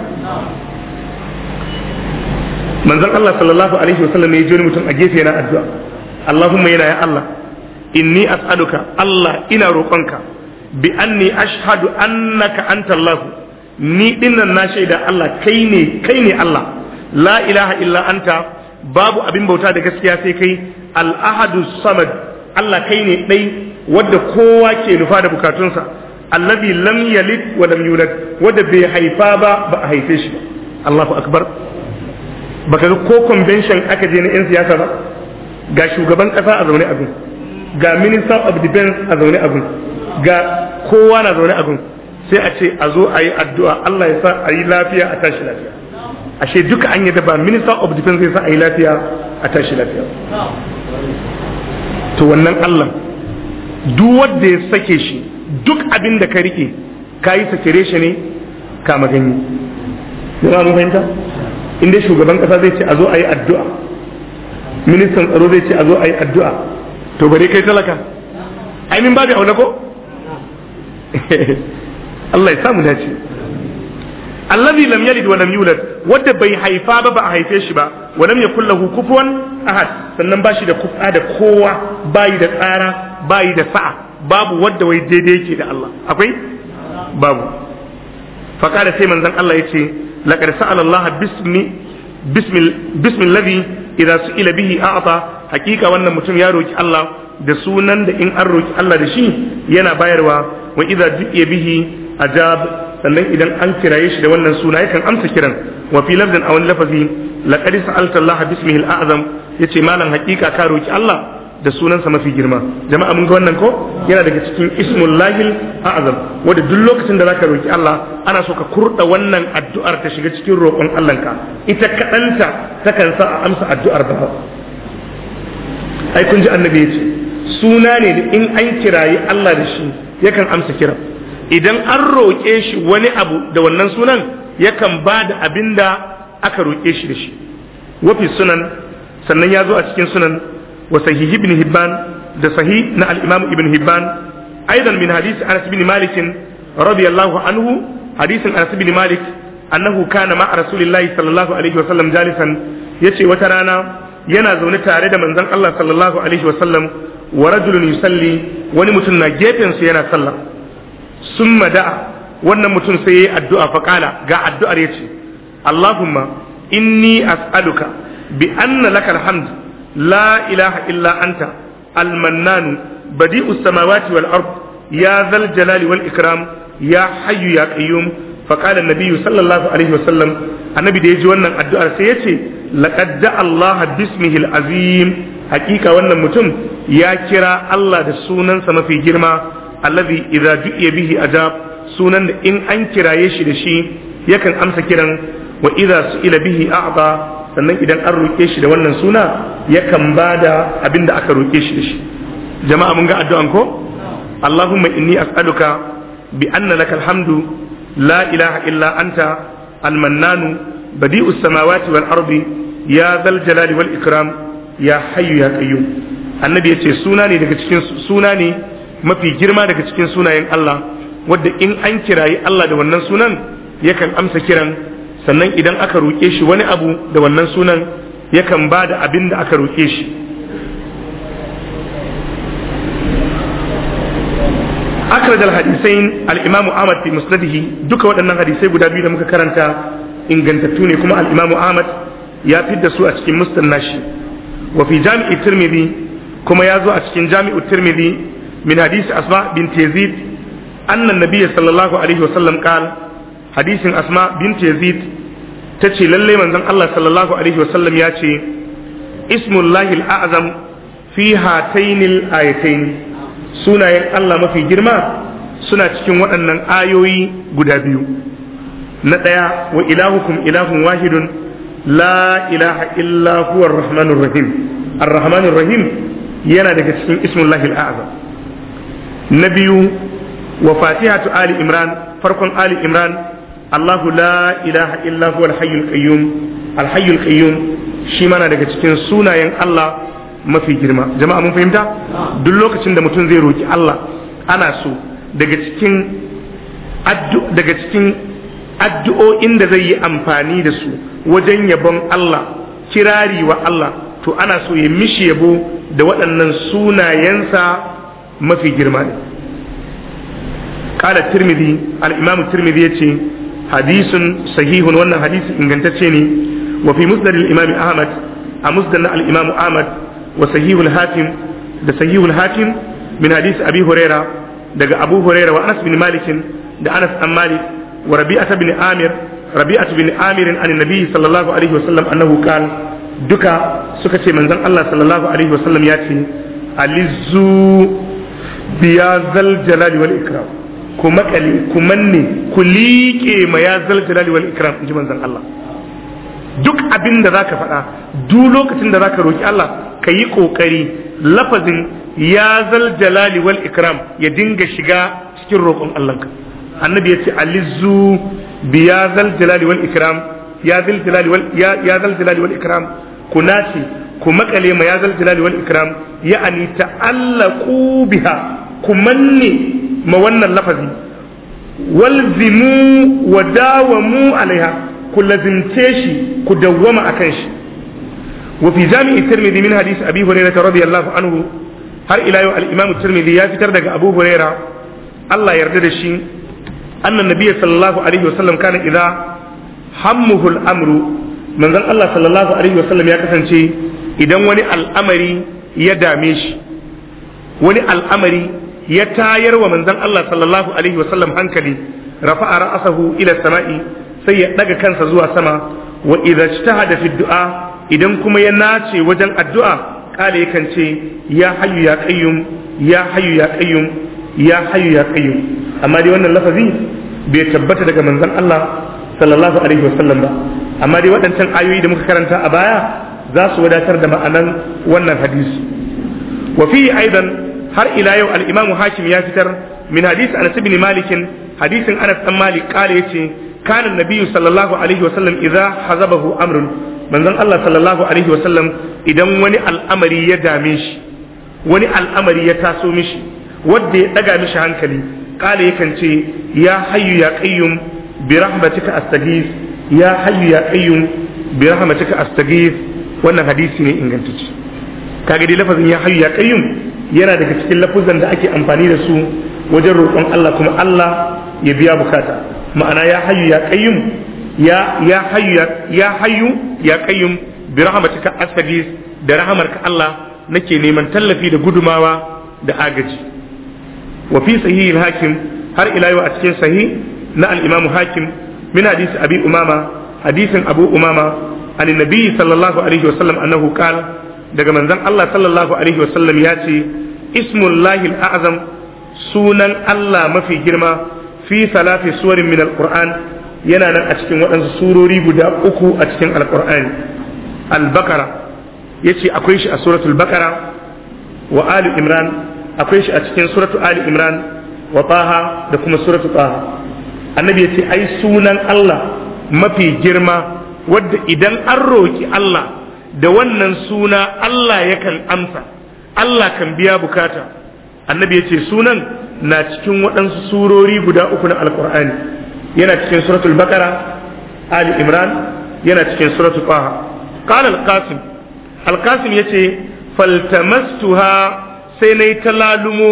manzon Allah sallallahu alaihi wasallam ya jira mutum a gefe na addu'a Allahumma yana ya Allah inni as'aluka Allah ina roƙonka bi anni ashhadu annaka anta Allah ni dinnan na shaida Allah kai ne kai ne Allah la ilaha illa anta babu abin bauta da gaskiya sai kai al ahadu samad Allah kai ne dai wadda kowa ke nufa da bukatunsa allazi lam yalid wa lam yulad wadda bai haifa ba ba a haife shi Allahu akbar baka ga ko convention aka je na 'yan siyasa ba ga shugaban kasa a zaune abin ga minister of defense a zaune abin ga kowa na zaune abin sai a ce a zo a yi addu'a Allah ya sa a yi lafiya a tashi lafiya ashe duka an yi ba minister of defense ya sa a yi lafiya a tashi lafiya to wannan Allah duk wanda ya sake shi duk abin da ka rike ka yi sakire shi ne ka magani yana mun fahimta inda shugaban kasa zai ce a zo a yi addu'a ministan tsaro zai ce a zo a yi addu'a to bare kai talaka ainihin mean babu auna ko Allah ya samu dace allazi lam yalid wa lam yulad wanda bai haifa ba ba a haife shi ba wa lam yakul lahu kufuwan ahad sannan bashi da kufa da kowa bayi da tsara bayi da sa'a babu wanda wai daidai yake da Allah akwai babu fa kada sai manzon Allah yace laqad sa'ala Allah bismi bismi bismi allazi idza su'ila bihi a'ta hakika wannan mutum ya roki Allah da sunan da in an roki Allah da shi yana bayarwa wa idza du'iya bihi ajab sannan idan an kiraye shi da wannan suna yakan amsa kiran wa fi lafzin a wani lafazi laqad sa'alta Allah bismihi al-a'zam yace malam hakika ka roki Allah da sunansa mafi girma jama'a mun ga wannan ko yana daga cikin ismul lahil a'zam wanda duk lokacin da zaka roki Allah ana so ka kurda wannan addu'ar ta shiga cikin roƙon Allah ka ita kadanta takan sa a amsa addu'ar ba ai kun ji annabi yace suna ne da in an kirayi Allah da shi yakan amsa kira idan an roƙe shi wani abu da wannan sunan yakan ba da abin da aka roƙe shi da shi wafi sunan sannan ya zo a cikin sunan wa sahihi ibn hibban da sahi na al-imam ibn hibban aidan min hadisi anas ibn malik radiyallahu anhu hadisin anas ibn malik annahu kana ma rasulillahi sallallahu alaihi wa sallam jalisan yace wata rana yana zaune tare da manzon Allah sallallahu alaihi wa sallam wa rajulun yusalli wani mutum na gefen su yana sallah sun mada'a wannan mutum sai yayi addu'a fa ga addu'ar yace Allahumma inni as'aluka bi anna lakal hamd la ilaha illa anta almananu mannan badi'us samawati wal ard ya zal jalali wal ikram ya hayyu ya qayyum fa an sallallahu alaihi wasallam annabi da ji wannan addu'ar sai yace laqad da'a Allah bismihi al-azim hakika wannan mutum ya kira Allah da sunansa mafi girma allazi idza du'iya bihi ajab sunan da in an kiraye shi da shi yakan amsa kiran wa idza su'ila bihi a'ta sannan idan an roke shi da wannan suna yakan bada abin da aka roke shi da shi jama'a mun ga addu'an ko Allahumma inni as'aluka bi anna lakal la ilaha illa anta al badi'us samawati wal ardi ya dhal jalali wal ikram ya hayu ya qayyum annabi ce suna ne daga cikin suna ne mafi girma daga cikin sunayen Allah wadda in an kirayi Allah da wannan sunan yakan amsa kiran sannan idan aka roƙe shi wani abu da wannan sunan yakan ba da abin da aka roƙe shi hadisain al-imam Ahmad fi مسنده duka waɗannan hadisai guda biyu da muka karanta ingantattu ne kuma al-Imam Ahmad ya fidda su a cikin musnad nashi wa fi jami'i tirmidhi kuma ya zo a cikin jami'u tirmidhi min hadisi asma bin yazid annan nabiyyi sallallahu alaihi wasallam qal hadisin asma bin yazid tace lalle manzon Allah sallallahu alaihi wasallam ya ce ismullahi al-a'zam fi hatayn al sunayen Allah mafi girma suna cikin waɗannan ayoyi guda biyu na ɗaya wa ilahukum ilahun wahidun la ilaha illa huwa ar rahim ar-rahmanur rahim yana daga cikin ismullahi al-a'zam na biyu wa fatihatu ali imran farkon ali imran allahu la ilaha illa huwa al-hayyul qayyum al-hayyul qayyum shi mana daga cikin sunayen Allah mafi girma jama'a mun fahimta duk lokacin da mutum zai roki Allah ana so daga cikin daga cikin addu'o'in da zai yi amfani da su wajen yabon Allah kirari wa Allah to ana so ya mishi yabo da waɗannan sunayensa mafi girma ne ƙala tirmidhi al-imamu tirmidhi yace hadisun sahihun wannan hadisi ingantacce ne wa fi musnad al ahmad a musnad al-imam ahmad wa sahihul hakim da sahihul hakim min hadisi abi huraira daga abu huraira wa anas bin malikin da anas an malik wa rabi'ata bin amir rabi'at bin amir an annabi sallallahu alaihi wasallam annahu qal duka suka ce manzon Allah sallallahu alaihi wasallam ya ce alizu biya zal jalali wal ikram ku makale ku manne ku liƙe ma ya zal jalali wal ikram inji manzon Allah duk abin da zaka faɗa duk lokacin da zaka roki Allah ka yi kokari lafazin ya zal jalali wal ikram ya dinga shiga cikin roƙon Allah ka annabi yace alizzu bi ya zal jalali wal ikram ya zal jalali wal ya ya zal jalali wal ikram ku nace ku makale ma ya zal jalali wal ikram ya'ani ta'allaqu biha ku manne ma wannan lafazi walzimu wa dawamu alaiha ku lazimce shi ku dawwama akan shi وفي جامع الترمذي من حديث أبي هريرة رضي الله عنه har ila yau al'imamu tirmidhi ya fitar daga abu huraira Allah yarda da shi annan nabiyyi sallallahu alaihi wasallam kana idza hammuhu al-amru manzon Allah sallallahu alaihi wasallam ya kasance idan wani al'amari ya dame shi wani al'amari ya tayar wa manzon Allah sallallahu alaihi wasallam hankali rafa'a ra'asahu ila sama'i sai ya ɗaga kansa zuwa sama wa idza ijtahada fi du'a idan kuma ya nace wajen addu'a kala yakan ce ya hayyu ya qayyum ya hayyu ya ya hayyu ya amma dai wannan lafazi bai tabbata daga manzon Allah sallallahu alaihi wasallam ba amma dai waɗancan ayoyi da muka karanta a baya za su wadatar da ma'anan wannan hadisi wa fi aidan har ila yau al-imamu hashim ya fitar min hadisi anas ibn malik hadisin anas dan malik kale yace kana nabiyyu sallallahu alaihi wasallam idza hazabahu amrun manzon Allah sallallahu alaihi wasallam idan wani al'amari ya dame shi wani al'amari ya taso mishi wanda ya daga mishi hankali قال yakan يا ya hayyu قيوم برحمتك استغيث يا حي ya hayyu برحمتك استغيث wannan hadisi ne ingantacce kaga dai lafazin ya hayyu ya qayyum yana daga cikin lafuzan da ake amfani da su wajen roƙon Allah kuma Allah ya biya bukata ma'ana ya hayyu ya qayyum ya ya hayyu ya hayyu ya qayyum bi rahmatika astaghith da rahmarka Allah nake neman tallafi da gudumawa da agaji wa fi sahih hakim har ila yau a cikin sahi na al'imam hakim min hadisi abi umama hadisin abu umama an nabi sallallahu alaihi wa sallam annahu qala daga manzon Allah sallallahu alaihi wa sallam ya ce ismullahi al-azam sunan Allah mafi girma fi salafi suwarin min al yana nan a cikin waɗansu surori guda uku a cikin al albakara al-baqara yace akwai shi a suratul baqara wa ali imran akwai shi a cikin suratu ali imran wa taha da kuma suratu taha annabi yace ai sunan Allah mafi girma wadda idan an roki Allah da wannan suna Allah yakan amsa Allah kan biya bukata annabi yace sunan na cikin waɗansu surori guda uku na alkur'ani yana cikin suratul bakara ali imran yana cikin suratul taha qala al-qasim al-qasim yace faltamastuha sai na yi ta lalumo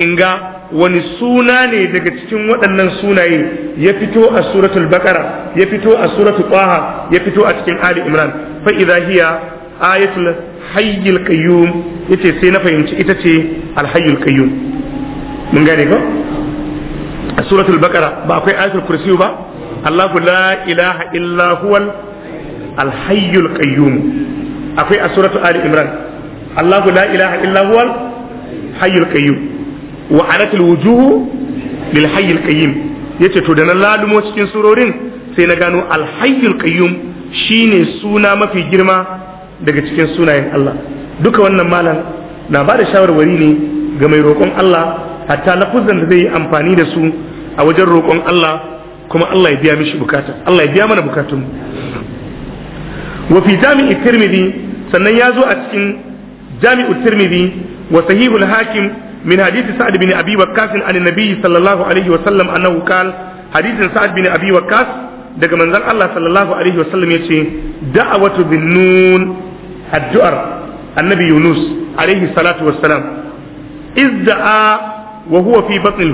in ga wani suna ne daga cikin waɗannan sunaye ya fito a suratul baƙara ya fito a suratul ƙwaha ya fito a cikin ali imran fa idza hiya ayatul hayyul qayyum ce sai na fahimci ita ce alhayyul qayyum mun gane ko a suratul baƙara ba akwai ayatul kursi ba Allahu la ilaha illa huwal alhayyul qayyum akwai a suratul ali imran Allahu la ilaha illa huwal hayyul qayyum wa anatil wujuhu lil hayyul yace to da na lalumo cikin surorin sai na gano alhayyul ƙayyum qayyum shine suna mafi girma daga cikin sunayen Allah duka wannan malam na ba da shawarwari ne ga mai roƙon Allah hatta lafuzan da zai yi amfani da su a wajen roƙon Allah kuma Allah ya biya mishi bukata Allah ya biya mana bukatun wa fi jami'i tirmidhi sannan ya zo a cikin jami'u tirmidhi وصحيح الحاكم من حديث سعد بن أبي وقاص عن النبي صلى الله عليه وسلم أنه قال حديث سعد بن أبي وقاص daga manzon Allah sallallahu alaihi wasallam ya ce da'awatu bin nun addu'ar annabi Yunus alaihi salatu wassalam izda'a wa fi batnil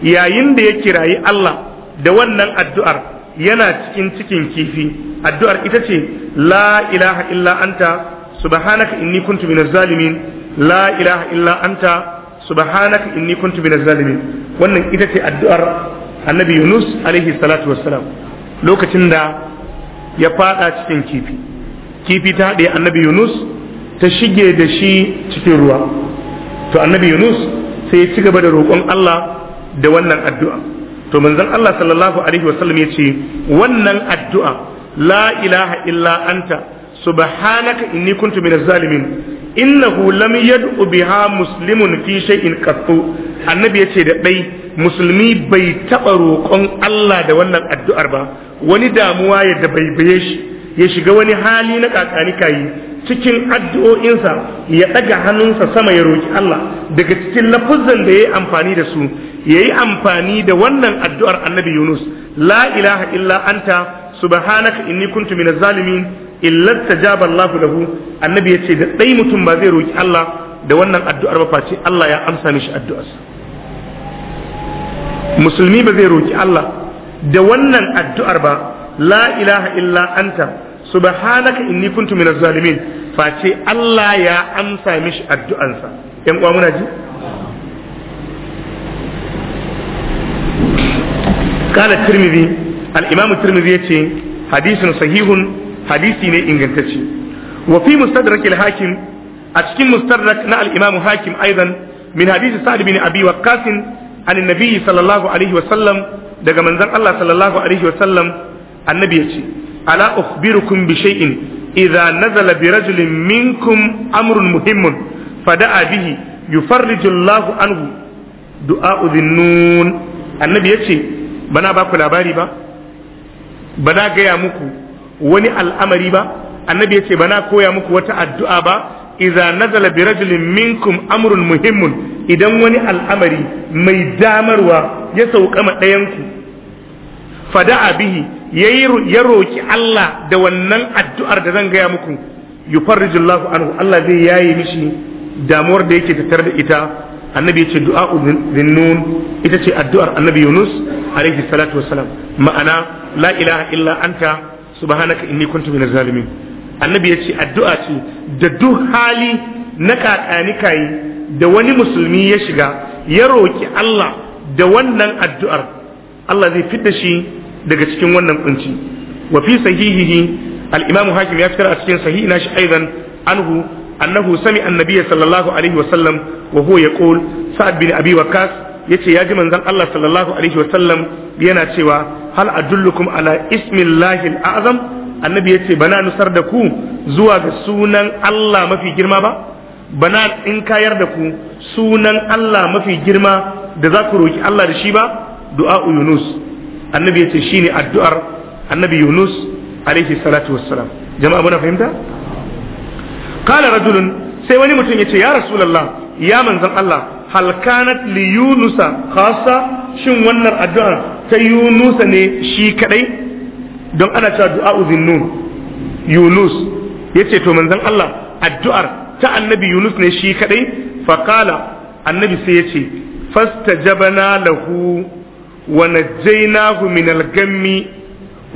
yayin da ya kirayi Allah da wannan addu'ar yana cikin cikin kifi addu'ar ita ce la ilaha illa anta subhanaka inni kuntu minaz la ilaha illa anta subhanaka inni kuntu minaz zalimin wannan ita ce addu'ar annabi Yunus alaihi salatu wassalam lokacin da ya fada cikin kifi kifi ta haɗe annabi Yunus ta shige da shi cikin ruwa to annabi Yunus sai ya ci gaba da roƙon Allah da wannan addu'a to manzon Allah sallallahu alaihi wasallam ya ce wannan addu'a la ilaha illa anta subhanaka inni kuntu minaz zalimin innahu lam yad'u biha muslimun fi shay'in qattu annabi yace da dai musulmi bai taɓa roƙon Allah da wannan addu'ar ba wani damuwa ya dabaibaye shi ya shiga wani hali na kakanikayi cikin addu'o'insa ya ɗaga hannunsa sama ya roki Allah daga cikin lafuzan da ya yi amfani da su yayi amfani da wannan addu'ar annabi Yunus la ilaha illa anta subhanaka inni kuntu minaz zalimin Illata tajaba Allah lahu annabi yace da ɗai mutum ba zai roki Allah da wannan addu'ar ba face Allah ya amsa mishi addu'arsa musulmi ba zai roki Allah da wannan addu'ar ba la ilaha illa anta subhanaka inni kuntu min zalimin face Allah ya amsa mishi addu'ansa ‘yan uwa muna ji? Kala Tirmidhi, al'imamu Tirmidhi ya ce, hadisin sahihun hadisi ne ingantacce wa fi mustadrak al-hakim a cikin mustadrak na al-imam hakim aidan min hadisi sa'd bin abi waqqas an annabi sallallahu alaihi wa sallam daga manzon Allah sallallahu alaihi wa sallam annabi yace ala ukhbirukum bi shay'in idza nazala bi rajulin minkum amrun muhimmun fada'a bihi yufarriju Allahu anhu du'a dhinnun annabi yace bana ba ku labari ba bana gaya muku wani al'amari ba annabi ya ce ba na koya muku wata addu'a ba iza nazala bi rajulin minkum amrun muhimmun idan wani al'amari mai damarwa ya sauka ma ɗayanku fada'a bihi ya roki Allah da wannan addu'ar da zan gaya muku yufarrijullahu anhu Allah zai yaye mishi damuwar da yake tattare da ita annabi ya ce du'a zinnun ita ce addu'ar annabi Yunus alaihi salatu wassalam ma'ana la ilaha illa anta subhanaka inni kuntu minaz zalimin annabi ya ce addu'a ce da duk hali na kakani kai da wani musulmi ya shiga ya roki Allah da wannan addu'ar Allah zai fidda shi daga cikin wannan kunci wa fi sahihihi al-imamu hakim ya fitar a cikin sahihina nashi aidan anhu annahu sami annabiya sallallahu alaihi wasallam wa huwa yaqul sa'ad bin abi waqas ya ce ya ji manzon Allah sallallahu alaihi wasallam yana cewa hal adullukum ala ismillahi azam annabi yace bana nusar da ku zuwa ga sunan Allah mafi girma ba bana in kayar da ku sunan Allah mafi girma da za ku roki Allah da shi ba du'a Yunus annabi shi ne addu'ar annabi Yunus alaihi salatu wassalam jama'a muna fahimta kala rajulun sai wani mutum ya ce ya rasulullah ya manzon Allah halkanat li yunusa khassa shin wannan addu'a ta yunusa ne shi kadai don ana cewa du'a'u zinnun yunus yace to manzon Allah addu'ar ta annabi yunus ne shi kadai faqala annabi sai yace fastajabna lahu wa najjaynahu min al-gammi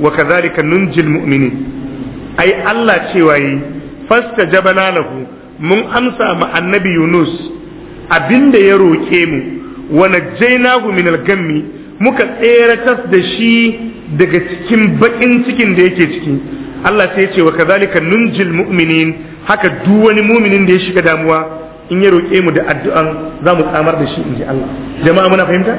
wa kadhalika nunjil mu'minin ai Allah cewa yi fastajabna lahu mun amsa ma annabi yunus abinda ya roƙe mu wani najjaynahu min al-gammi muka tseratas da shi daga cikin baƙin cikin da yake ciki Allah sai ya ce wa kazalika nunjil mu'minin haka duk wani mu'minin da ya shiga damuwa in ya roƙe mu da addu'an za mu tsamar da shi in ji Allah jama'a muna fahimta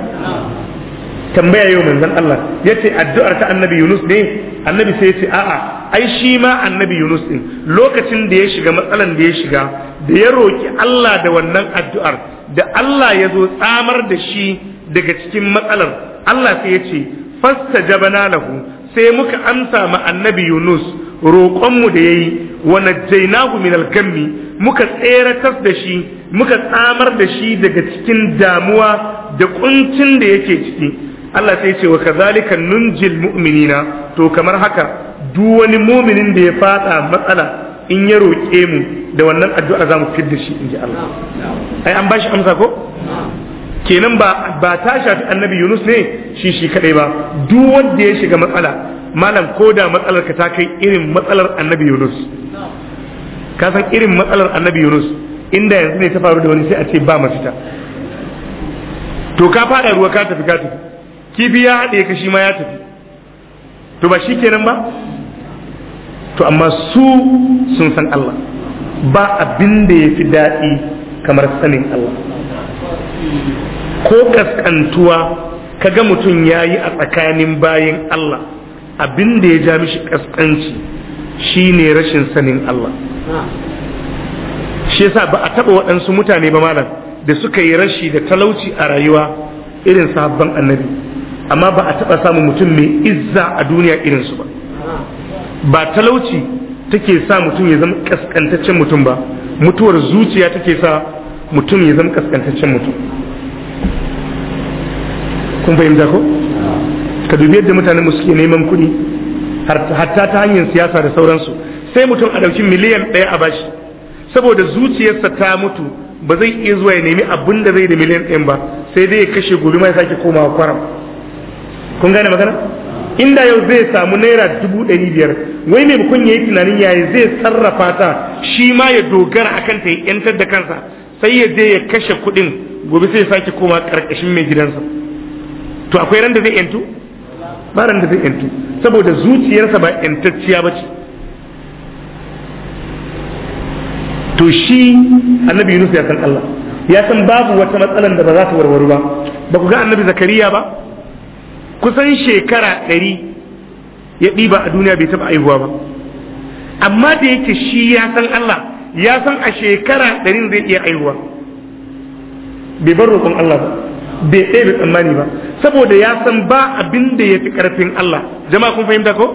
tambaya yau manzon Allah ce addu'ar ta annabi Yunus ne annabi sai ce a'a ai shi ma annabi Yunus din lokacin da ya shiga matsalan da ya shiga da ya roki Allah da wannan addu'ar da Allah ya zo tsamar da shi daga cikin matsalar Allah sai yace fastajabana lahu sai muka amsa ma annabi Yunus roƙonmu da yayi wa najjaynahu min al-gammi muka tseratar da shi muka tsamar da shi daga cikin damuwa da kuncin da yake ciki Allah sai ce wa kazalika nunjil mu'minina to kamar haka duk wani mu'minin da ya fada matsala in ya roƙe mu da wannan addu'a za mu fidda shi inji Allah ai an bashi amsa ko kenan ba ba ta shafi annabi Yunus ne shi shi kadai ba duk wanda ya shiga matsala malam ko da matsalar ka ta kai irin matsalar annabi Yunus ka san irin matsalar annabi Yunus inda yanzu ne ta faru da wani sai a ce ba mafita to ka fada ruwa ka tafi ka tafi kifi ya haɗe ka shi ma ya tafi to ba shi kenan ba to amma su sun san Allah ba abin da ya fi daɗi kamar sanin Allah ko kaskantuwa ga mutum ya yi a tsakanin bayan Allah abin da ya ja mishi kaskanci ne rashin sanin Allah shi yasa ba a taɓa waɗansu mutane ba malam da suka yi rashi da talauci a rayuwa irin sabon annabi amma ba a taɓa samun mutum mai izza a duniya irinsu ba ba talauci take sa mutum ya zama kaskantaccen mutum ba mutuwar zuciya take sa mutum ya zama kaskantaccen mutum kun fahimta ko ka dubi yadda mutanen ke neman kuɗi hatta ta hanyar siyasa da sauransu sai mutum a ɗauki miliyan ɗaya a bashi saboda zuciyarsa ta mutu ba zai iya zuwa ya nemi abin da zai da miliyan ɗin ba sai dai ya kashe gobe ma ya sake komawa kwaram kun gane magana inda yau zai samu naira dubu ɗari biyar wai mai bukun ya yi tunanin yaya zai sarrafa ta shi ma ya dogara akan ta ya yantar da kansa sai ya je ya kashe kuɗin gobe sai ya sake koma ƙarƙashin mai gidansa to akwai ran da zai yantu ba ran da zai yantu saboda zuciyarsa ba yantacciya ba ce to shi annabi yunus ya san allah ya san babu wata matsalar da ba za ta warware ba ba ku ga annabi zakariya ba kusan shekara ɗari ya ɗiba a duniya bai taɓa aihuwa ba amma da yake shi ya san Allah ya san a shekara ɗarin zai iya aihuwa bai bar roƙon Allah ba bai ɗaya tsammani ba saboda ya san ba abin da ya fi ƙarfin Allah jama'a kun fahimta ko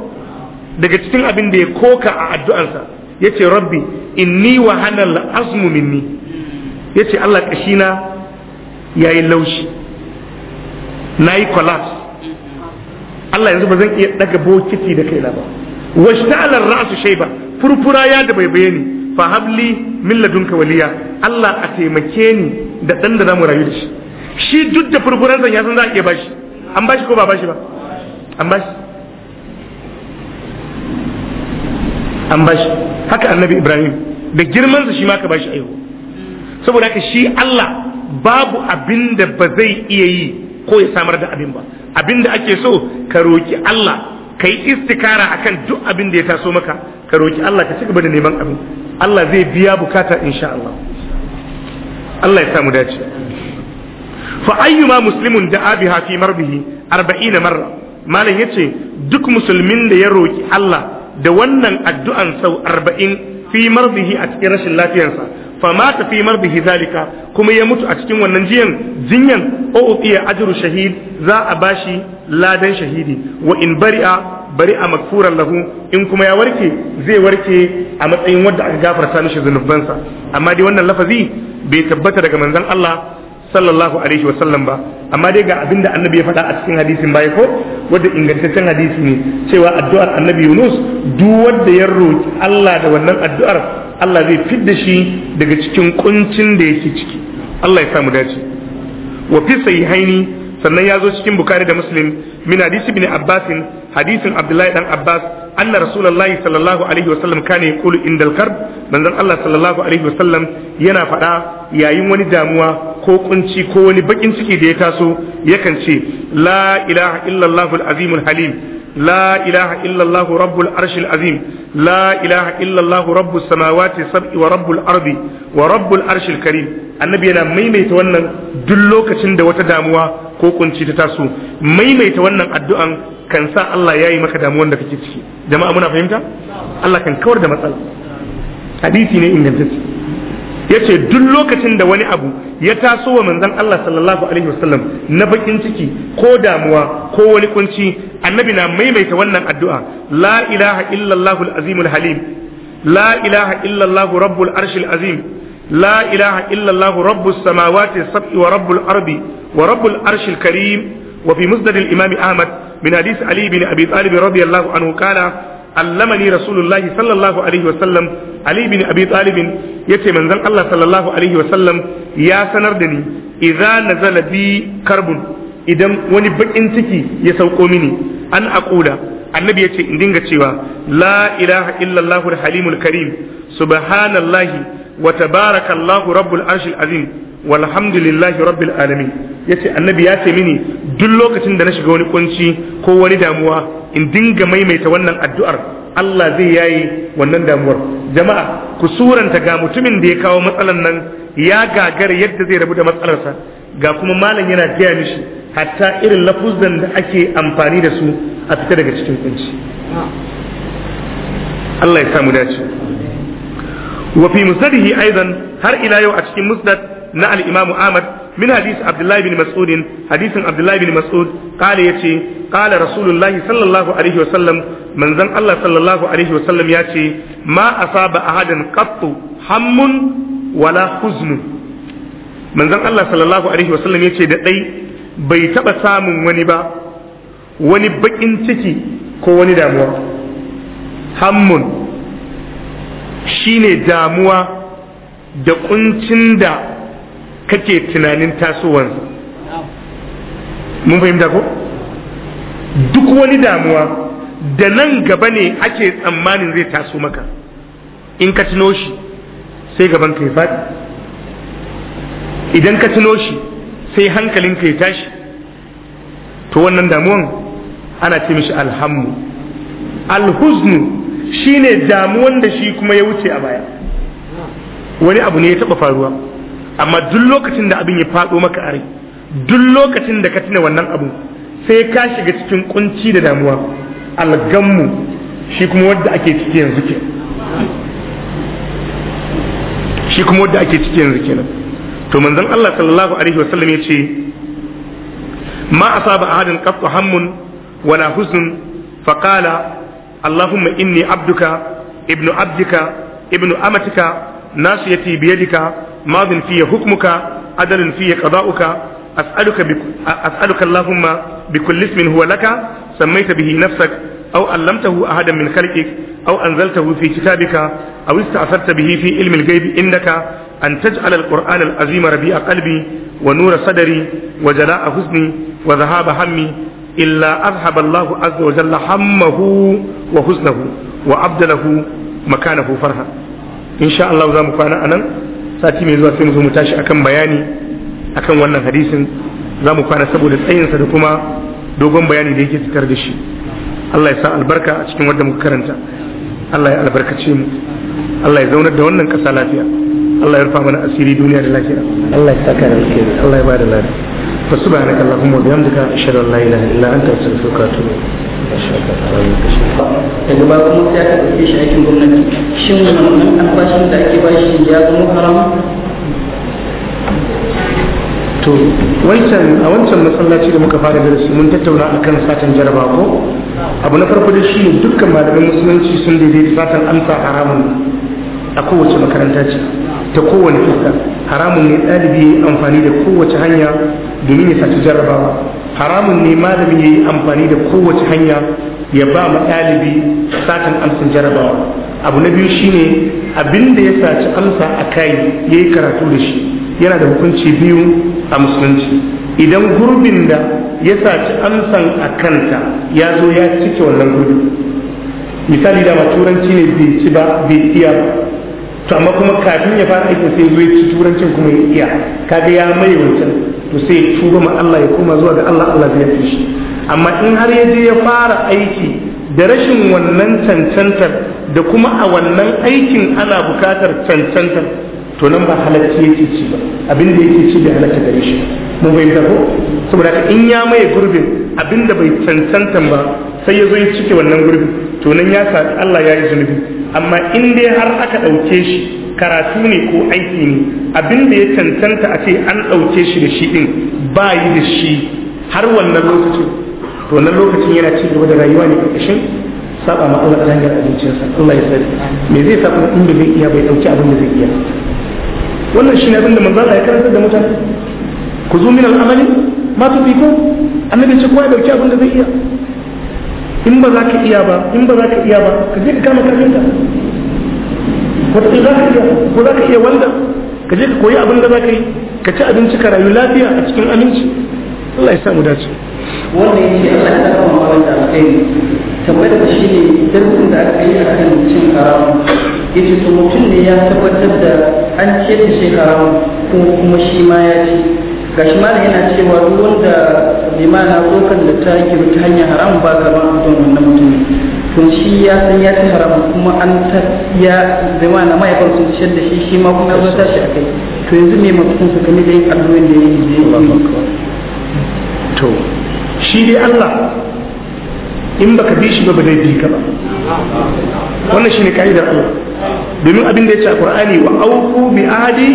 daga cikin abin da ya koka a addu'arsa ya ce rabbi inni wa hanal azmu minni ya ce Allah ƙashina ya yi laushi na yi collapse Allah yanzu ba zan iya daga bokiti da kaina ba washta'ala ra'su shayba furfura ya da bai bayani fa habli min ladunka waliya Allah a taimake ni da dan da zamu rayu da shi shi duk da furfuran zan ya san za a iya bashi an bashi ko ba bashi ba an bashi an bashi haka annabi Ibrahim da girman sa shi ma ka bashi ayo saboda haka shi Allah babu abin da ba zai iya yi ko ya samar da abin ba abin da ake so ka roki Allah ka yi istikara akan duk abin da ya taso maka ka roki Allah ka cigaba da neman abin Allah zai biya bukata insha Allah Allah ya samu dace fa ayyuma muslimun da'a biha fi marbihi 40 marra malam yace duk musulmin da ya roki Allah da wannan addu'an sau 40 fi marbihi a cikin rashin lafiyarsa fa mata fi mardihi zalika kuma ya mutu a cikin wannan jiyan jinyan o utiya ajru shahid za a bashi ladan shahidi wa in bari'a bari'a makfuran lahu in kuma ya warke zai warke a matsayin wanda aka gafarta mishi zunubansa amma dai wannan lafazi bai tabbata daga manzon Allah sallallahu alaihi wa sallam ba amma dai ga abinda annabi ya faɗa a cikin hadisin baya ko wanda ingantaccen hadisi ne cewa addu'ar annabi Yunus duk wanda ya roki Allah da wannan addu'ar Allah zai da shi daga cikin kuncin da yake ciki Allah ya samu dace wa fi sahihaini sannan ya zo cikin bukari da muslim min hadisi bin abbas hadisin abdullahi dan abbas anna rasulullahi sallallahu alaihi wasallam kana yaqulu indal karb manzon Allah sallallahu alaihi wasallam yana faɗa yayin wani damuwa ko kunci ko wani bakin ciki da ya taso yakan ce la ilaha illallah al halim la ilaha illallah rabbul arshil azim la ilaha illallah rabbus samawati sab'i wa rabbul ardi wa rabbul arshil karim annabi yana maimaita wannan duk lokacin da wata damuwa ko kunci ta taso maimaita wannan addu'an kan sa Allah yayi maka damuwan da kake ciki jama'a muna fahimta Allah kan kawar da matsala hadisi ne ingantacce yace duk lokacin da wani abu ya taso wa manzon Allah sallallahu alaihi wasallam na bakin ciki ko damuwa ko wani kunci annabi na maimaita wannan addu'a la ilaha illallahu al al-halim la ilaha illallahu rabbul arshil azim la ilaha illallahu rabbus samawati as-sab'i wa rabbul ardi wa rabbul arshil karim wa fi musnad al-imam Ahmad min hadith Ali bin Abi Talib radiyallahu anhu kana علمني رسول الله صلى الله عليه وسلم علي بن أبي طالب yace manzon Allah sallallahu alaihi sallam ya sanar da ni idza nazala bi karbun idan wani bakin ciki ya sauko mini an aqula annabi yace in dinga cewa la ilaha illallah halimul karim subhanallahi wa tabarakallahu rabbul arshil azim walhamdulillahi rabbil alamin yace annabi ya ce mini duk lokacin da na shiga wani kunci ko wani damuwa in dinga maimaita wannan addu'ar Allah zai yayi wannan damuwar jama'a ku suranta ga mutumin da ya kawo matsalan nan ya gagara yadda zai rabu da matsalarsa ga kuma malam yana gaya mishi hatta irin lafuzan da ake amfani da su a fita daga cikin kunci Allah ya samu dace wa fi musnadihi aidan har ila yau a cikin musnad na al-Imam Ahmad min hadisi abdullahi bin mas'udin hadisin abdullahi bin mas'ud kala yace kala rasulullahi sallallahu alaihi wasallam manzon Allah sallallahu alaihi wasallam yace ma asaba ahadan qattu hammun wala huznu manzon Allah sallallahu alaihi wasallam yace da dai bai taɓa samun wani ba wani baƙin ciki ko wani damuwa hammun shine damuwa da ƙuncin da kake tunanin tasowansa mun fahimta ko duk wani damuwa da nan gaba ne ake tsammanin zai taso maka in ka tuno shi sai gaban ka ya faɗi idan ka tuno shi sai hankalin ka ya tashi to wannan damuwan ana ce mishi alhammu alhuznu shine damuwan da shi kuma ya wuce a baya wani abu ne ya taɓa faruwa amma duk lokacin da abin ya faɗo maka a rai duk lokacin da ka tuna wannan abu sai ka shiga cikin kunci da damuwa algammu shi kuma wadda ake ciki yanzu ke shi kuma wadda ake ciki yanzu kenan to manzon Allah sallallahu alaihi wasallam ya ce ma asaba ahadin qattu hammun wala fa qala allahumma inni abduka ibnu abdika ibnu amatika nasiyati biyadika ماض فيه حكمك عدل فيه قضاؤك أسألك, بك أسألك اللهم بكل اسم هو لك سميت به نفسك أو علمته أحدا من خلقك أو أنزلته في كتابك أو استأثرت به في علم الغيب إنك أن تجعل القرآن العظيم ربيع قلبي ونور صدري وجلاء حزني وذهاب همي إلا أذهب الله عز وجل همه وحزنه وأبدله مكانه فرحا إن شاء الله ذا مكان أنا sati mai zuwa sai mu zo mu tashi akan bayani akan wannan hadisin za mu kwana saboda tsayinsa da kuma dogon bayani da yake cikar da shi Allah ya sa albarka a cikin wanda muka karanta Allah ya albarkace mu Allah ya zaunar da wannan ƙasa lafiya Allah ya rufa mana asiri duniya da lafiya Allah ya saka da alheri Allah ya ba da lafiya fa subhanaka allahumma wa bihamdika ashhadu an la ilaha illa anta astaghfiruka wa atubu ilayk daga babu mutu ya taɓa ɗauke shi aikin gwamnati shin wannan albashin da ake bashi ya zama haram to wancan a wancan masallaci da muka fara darasi mun tattauna akan satan jaraba ko abu na farko da shi dukkan malaman musulunci sun daidai satan amsa haramun a kowace makaranta ce ta kowane fuska haramun ne ɗalibi amfani da kowace hanya domin ya saci jarrabawa haramun ne malami ya yi amfani da kowace hanya ya ba ma ɗalibi satan amsin jarabawa abu na biyu shine abin da ya saci amsa a kai ya yi karatu da shi yana da hukunci biyu a musulunci idan gurbin da ya saci amsan a kanta ya zo ya cike wannan gurbi misali da turanci ne bai ci ba bai iya ba to amma kuma kafin ya fara aikin sai zo ci turancin kuma ya iya kaga ya mai wancan to sai ya tuba ma Allah ya koma zuwa ga Allah Allah zai yi shi amma in har ya je ya fara aiki da rashin wannan cancantar da kuma a wannan aikin ana bukatar cancantar to nan ba halacci yake ci ba abin da yake ci bai halacci gare shi mun bai ko saboda ka in ya maye gurbin abin da bai cancantan ba sai ya zo ya cike wannan gurbin to nan ya sa Allah ya yi zunubi amma in dai har aka ɗauke shi karatu ne ko aiki ne abin da ya cancanta a ce an ɗauke shi da shi ɗin ba yi da shi har wannan lokacin to wannan lokacin yana ci gaba da rayuwa ne ƙarƙashin saba ma Allah ta hanyar abincinsa Allah ya sani me zai sa kuma inda zai iya bai ɗauki abin da zai iya wannan shi ne abin da manzo Allah ya karanta da mutane ku zo min al'amali ma ko, annabi ce kowa ya ɗauki abin da zai iya in ba za ka iya ba in ba za ka iya ba ka je ka kama kafinta wata za ka iya ko za ka iya wanda ka je ka koyi abin da za ka yi ka ci abinci ka rayu lafiya a cikin aminci Allah ya samu dace wannan ya ce Allah ya saka mu wanda alkhairi tabbatar da shi ne darbin da aka yi akan cin ya yace to mutum ne ya tabbatar da an ce da shi haramu kuma kuma shi ma ya ci gashi malam yana cewa duk wanda limana ko kan da ta girta hanyar haram ba ka ba mutum wannan to shi ya san ya ci haramun kuma an ta ya zama na mahaifar sun ciyar da shi shi ma kuma ya zo tashi a kai to yanzu me mafutun su game da yin addu'o'in da ya yi da yi to shi dai Allah in baka bi shi ba ba dai bi ka ba wannan shine kaidar Allah domin abin da ya ce a Qur'ani wa aufu bi ahdi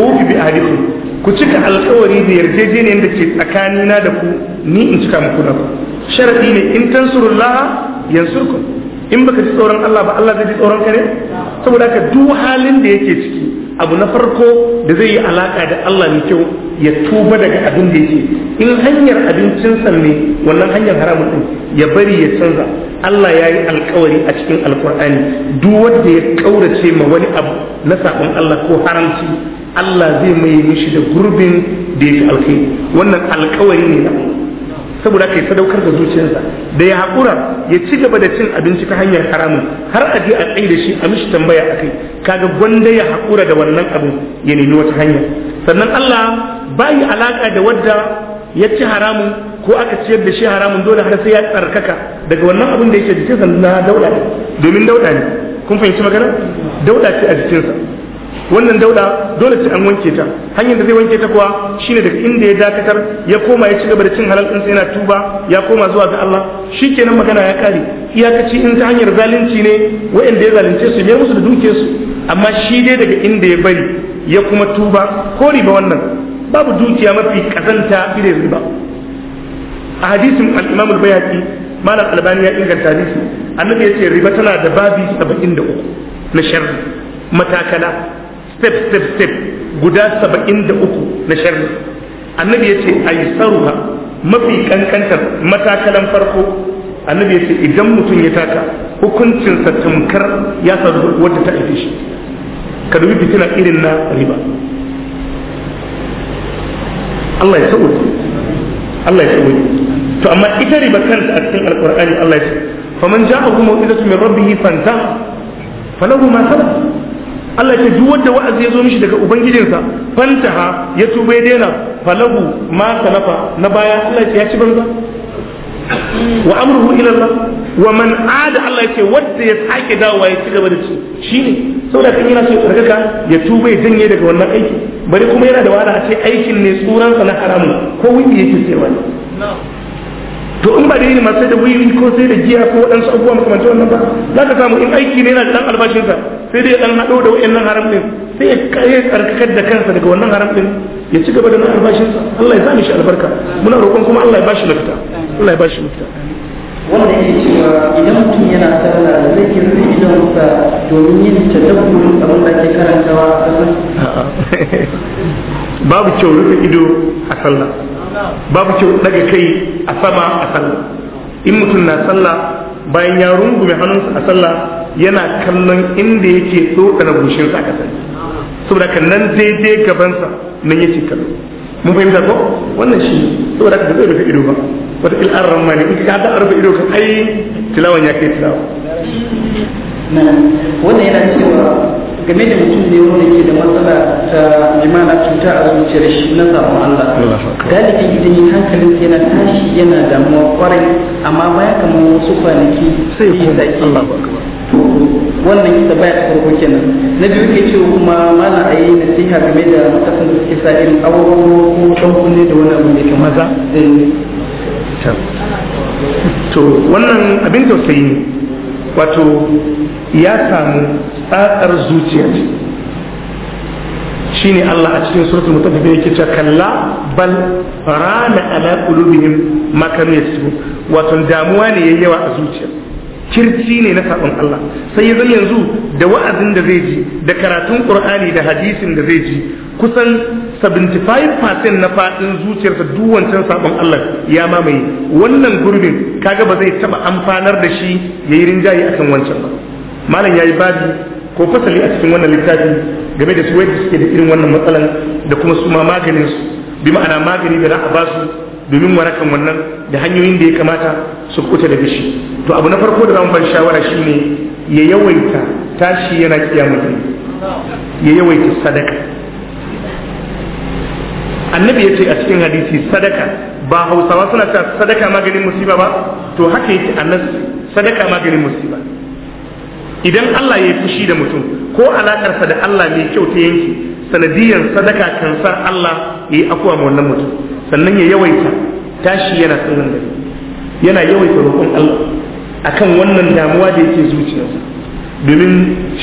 ufi bi ahdikum ku cika alkawari da yarjejeniyar da ke tsakanina da ku ni in cika muku na ku. sharadi ne in tansurullah yansurkum in baka ji tsoron Allah ba Allah zai ji tsoron ka ne saboda haka duk halin da yake ciki abu na farko da zai yi alaka da Allah ne kyau ya tuba daga abin da yake in hanyar abincinsa ne wannan hanyar haramun din ya bari ya canza Allah ya yi alkawari a cikin alkur'ani duk wanda ya kaurace ma wani abu na sakon Allah ko haramci Allah zai mai mishi da gurbin da yake alkai wannan alkawari ne na saboda kai sadaukar da zuciyarsa da ya haƙura ya ci gaba da cin abinci ta hanyar haramun har a je a tsaye da shi a mishi tambaya a kai kaga gwanda ya haƙura da wannan abu ya nemi wata hanya sannan Allah bayi alaka da wadda ya ci haramun ko aka ciyar da shi haramun dole har sai ya tsarkaka daga wannan abin da yake jikinsa na dauda domin dauda ne kun fahimci magana dauda ce a jikinsa wannan dauda dole sai an wanke ta hanyar da zai wanke ta kuwa shine daga inda ya dakatar ya koma ya ci gaba da cin halal din sai yana tuba ya koma zuwa ga Allah shikenan magana ya kare iyakaci in ta hanyar zalunci ne waɗanda ya zalunce su biyar musu da duke su amma shi dai daga inda ya bari ya kuma tuba ko riba wannan babu dukiya mafi kazanta ire riba a hadisin al-Imam al-Bayhaqi malam albani ya inganta hadisi annabi ya ce riba tana da babi 73 na sharri matakala step step step guda saba'in da uku na sharri annabi ya ce a yi tsaruha mafi kankantar matakalan farko annabi ya ce idan mutum ya taka hukuncinsa tamkar ya sadu wadda ta haife shi ka dubi fitina irin na riba Allah ya sauke Allah ya sauke to amma ita riba kanta a cikin alkur'ani Allah ya ce faman ja'ahu mau'izatu min rabbih fanta falahu ma salaf Allah ce duk wanda wa'azi ya zo mishi daga ubangijinsa fantaha ya tuba ya daina falahu ma salafa na baya Allah ce ya ci banza wa amruhu ila Allah wa man ada Allah ce wanda ya sake dawowa ya ci gaba da ci shine saboda kan yana so ya ya tuba ya janye daga wannan aiki bari kuma yana da wahala a ce aikin ne tsuransa na haramu ko wani yake sayarwa ne to in ba da ilimin sai da wiwi ko sai da giya ko waɗansu abubuwa makamanci wannan ba za ka samu in aiki ne yana da ɗan albashinsa sai dai ɗan haɗo da nan haram ɗin sai ya kare tsarkakar da kansa daga wannan haram ɗin ya ci gaba da nan albashinsa Allah ya sami shi albarka muna roƙon kuma Allah ya bashi mafita Allah ya bashi mafita wanda yake cewa idan mutum yana sallah da zai kirri idansa domin yin tadabbur abin da ke karantawa a babu kyau rufe ido a sallah babu kyau daga kai a sama a sallah in mutum na sallah bayan ya rungume hannunsa a sallah yana kallon inda yake tsokana gushinsa ka kasar saboda kan nan daidai gabansa nan yake kallo mun fahimta ko wannan shi saboda ka zai rufe ido ba wata ilar ramma ne in ka ta rufe ido kan ai tilawan ya kai tilawa wannan yana cewa game da mutum ne wanda ke da matsala ta limana cuta a zuciyar shi na samun Allah galibi idan yi hankalin yana tashi yana damuwa kwarai amma baya kamar wasu kwanaki sai ya zaki wannan kisa baya ta farko kenan na biyu ke ce kuma mana a yi nasiha game da matakan da suke sa irin abubuwa ko ɗan kunne da wani abu ne kamar maza eh. to wannan abin tausayi wato ya samu tsatsar zuciya ce shine Allah a cikin suratul mutaffifin yake cewa kalla bal rana ala qulubihim ma kanu yasbu wato damuwa ne yayi yawa a zuciya kirci ne na sabon Allah sai ya yanzu da wa'azin da zai ji da karatun Qur'ani da hadisin da zai ji kusan 75% na faɗin zuciyarsa duk wancan sabon Allah ya mamaye wannan gurbin kaga ba zai taba amfanar da shi yayi rinjaye akan wancan ba malam ya yi babi ko fasali a cikin wannan littafi game da su wanda suke da irin wannan matsalan da kuma su ma maganin su bi ma'ana magani da za a ba su domin warakan wannan da hanyoyin da ya kamata su kuta da shi to abu na farko da zamu bar shawara shine ya yawaita tashi yana kiyamata ya yawaita sadaka annabi ya ce a cikin hadisi sadaka ba hausawa suna cewa sadaka maganin musiba ba to haka yake annabi sadaka maganin musiba idan Allah ya yi fushi da mutum ko alakarsa da Allah mai kyau ta yanki sanadiyar sadaka kan sa Allah ya yi afuwa ma wannan mutum sannan ya yawaita tashi yana sanin da yana yawaita roƙon Allah akan wannan damuwa da yake zuciyarsa domin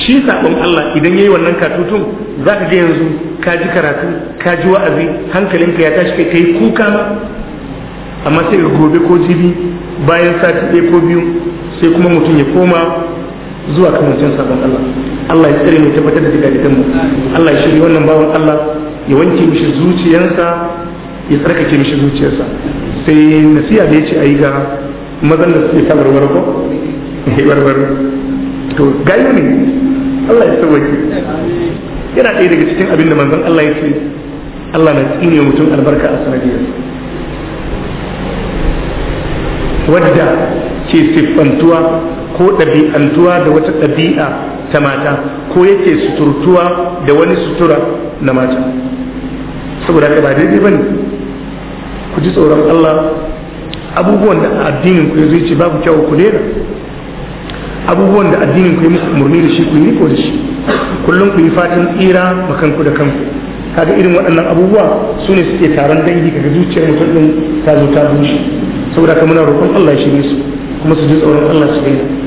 shi sabon Allah idan ya yi wannan katutun za ka ga yanzu ka ji karatu ka ji wa'azi hankalinka ya tashi kai kai kuka amma sai gobe ko jibi bayan sati ɗaya ko biyu sai kuma mutum ya koma zuwa kan wancan sabon Allah Allah ya tsare mu tabbatar da digadigan mu Allah ya shirya wannan bawan Allah ya wanke mishi zuciyarsa ya tsarkake mishi zuciyarsa sai nasiha da ya ce ayi ga mazan da suke kabarwar ko eh, barbar to gayu ne Allah ya sauwake yana ɗaya daga cikin abin da manzon Allah ya ce Allah na tsine mutum albarka a sanadiyarsa wadda ke siffantuwa ko ɗabi'antuwa da wata ɗabi'a ta mata ko yake suturtuwa da wani sutura na mata saboda ka ba daidai bane ku ji tsoron Allah abubuwan da addinin ku yazo yace babu kyau ku dena abubuwan da addinin ku yi muku umarni da shi ku yi riko da shi kullum ku yi fatan tsira ma kanku da kanku kaga irin waɗannan abubuwa su ne suke taron dangi kaga zuciyar mutum din ta zo ta bushe saboda ka muna roƙon Allah ya ne su kuma su ji tsoron Allah su daina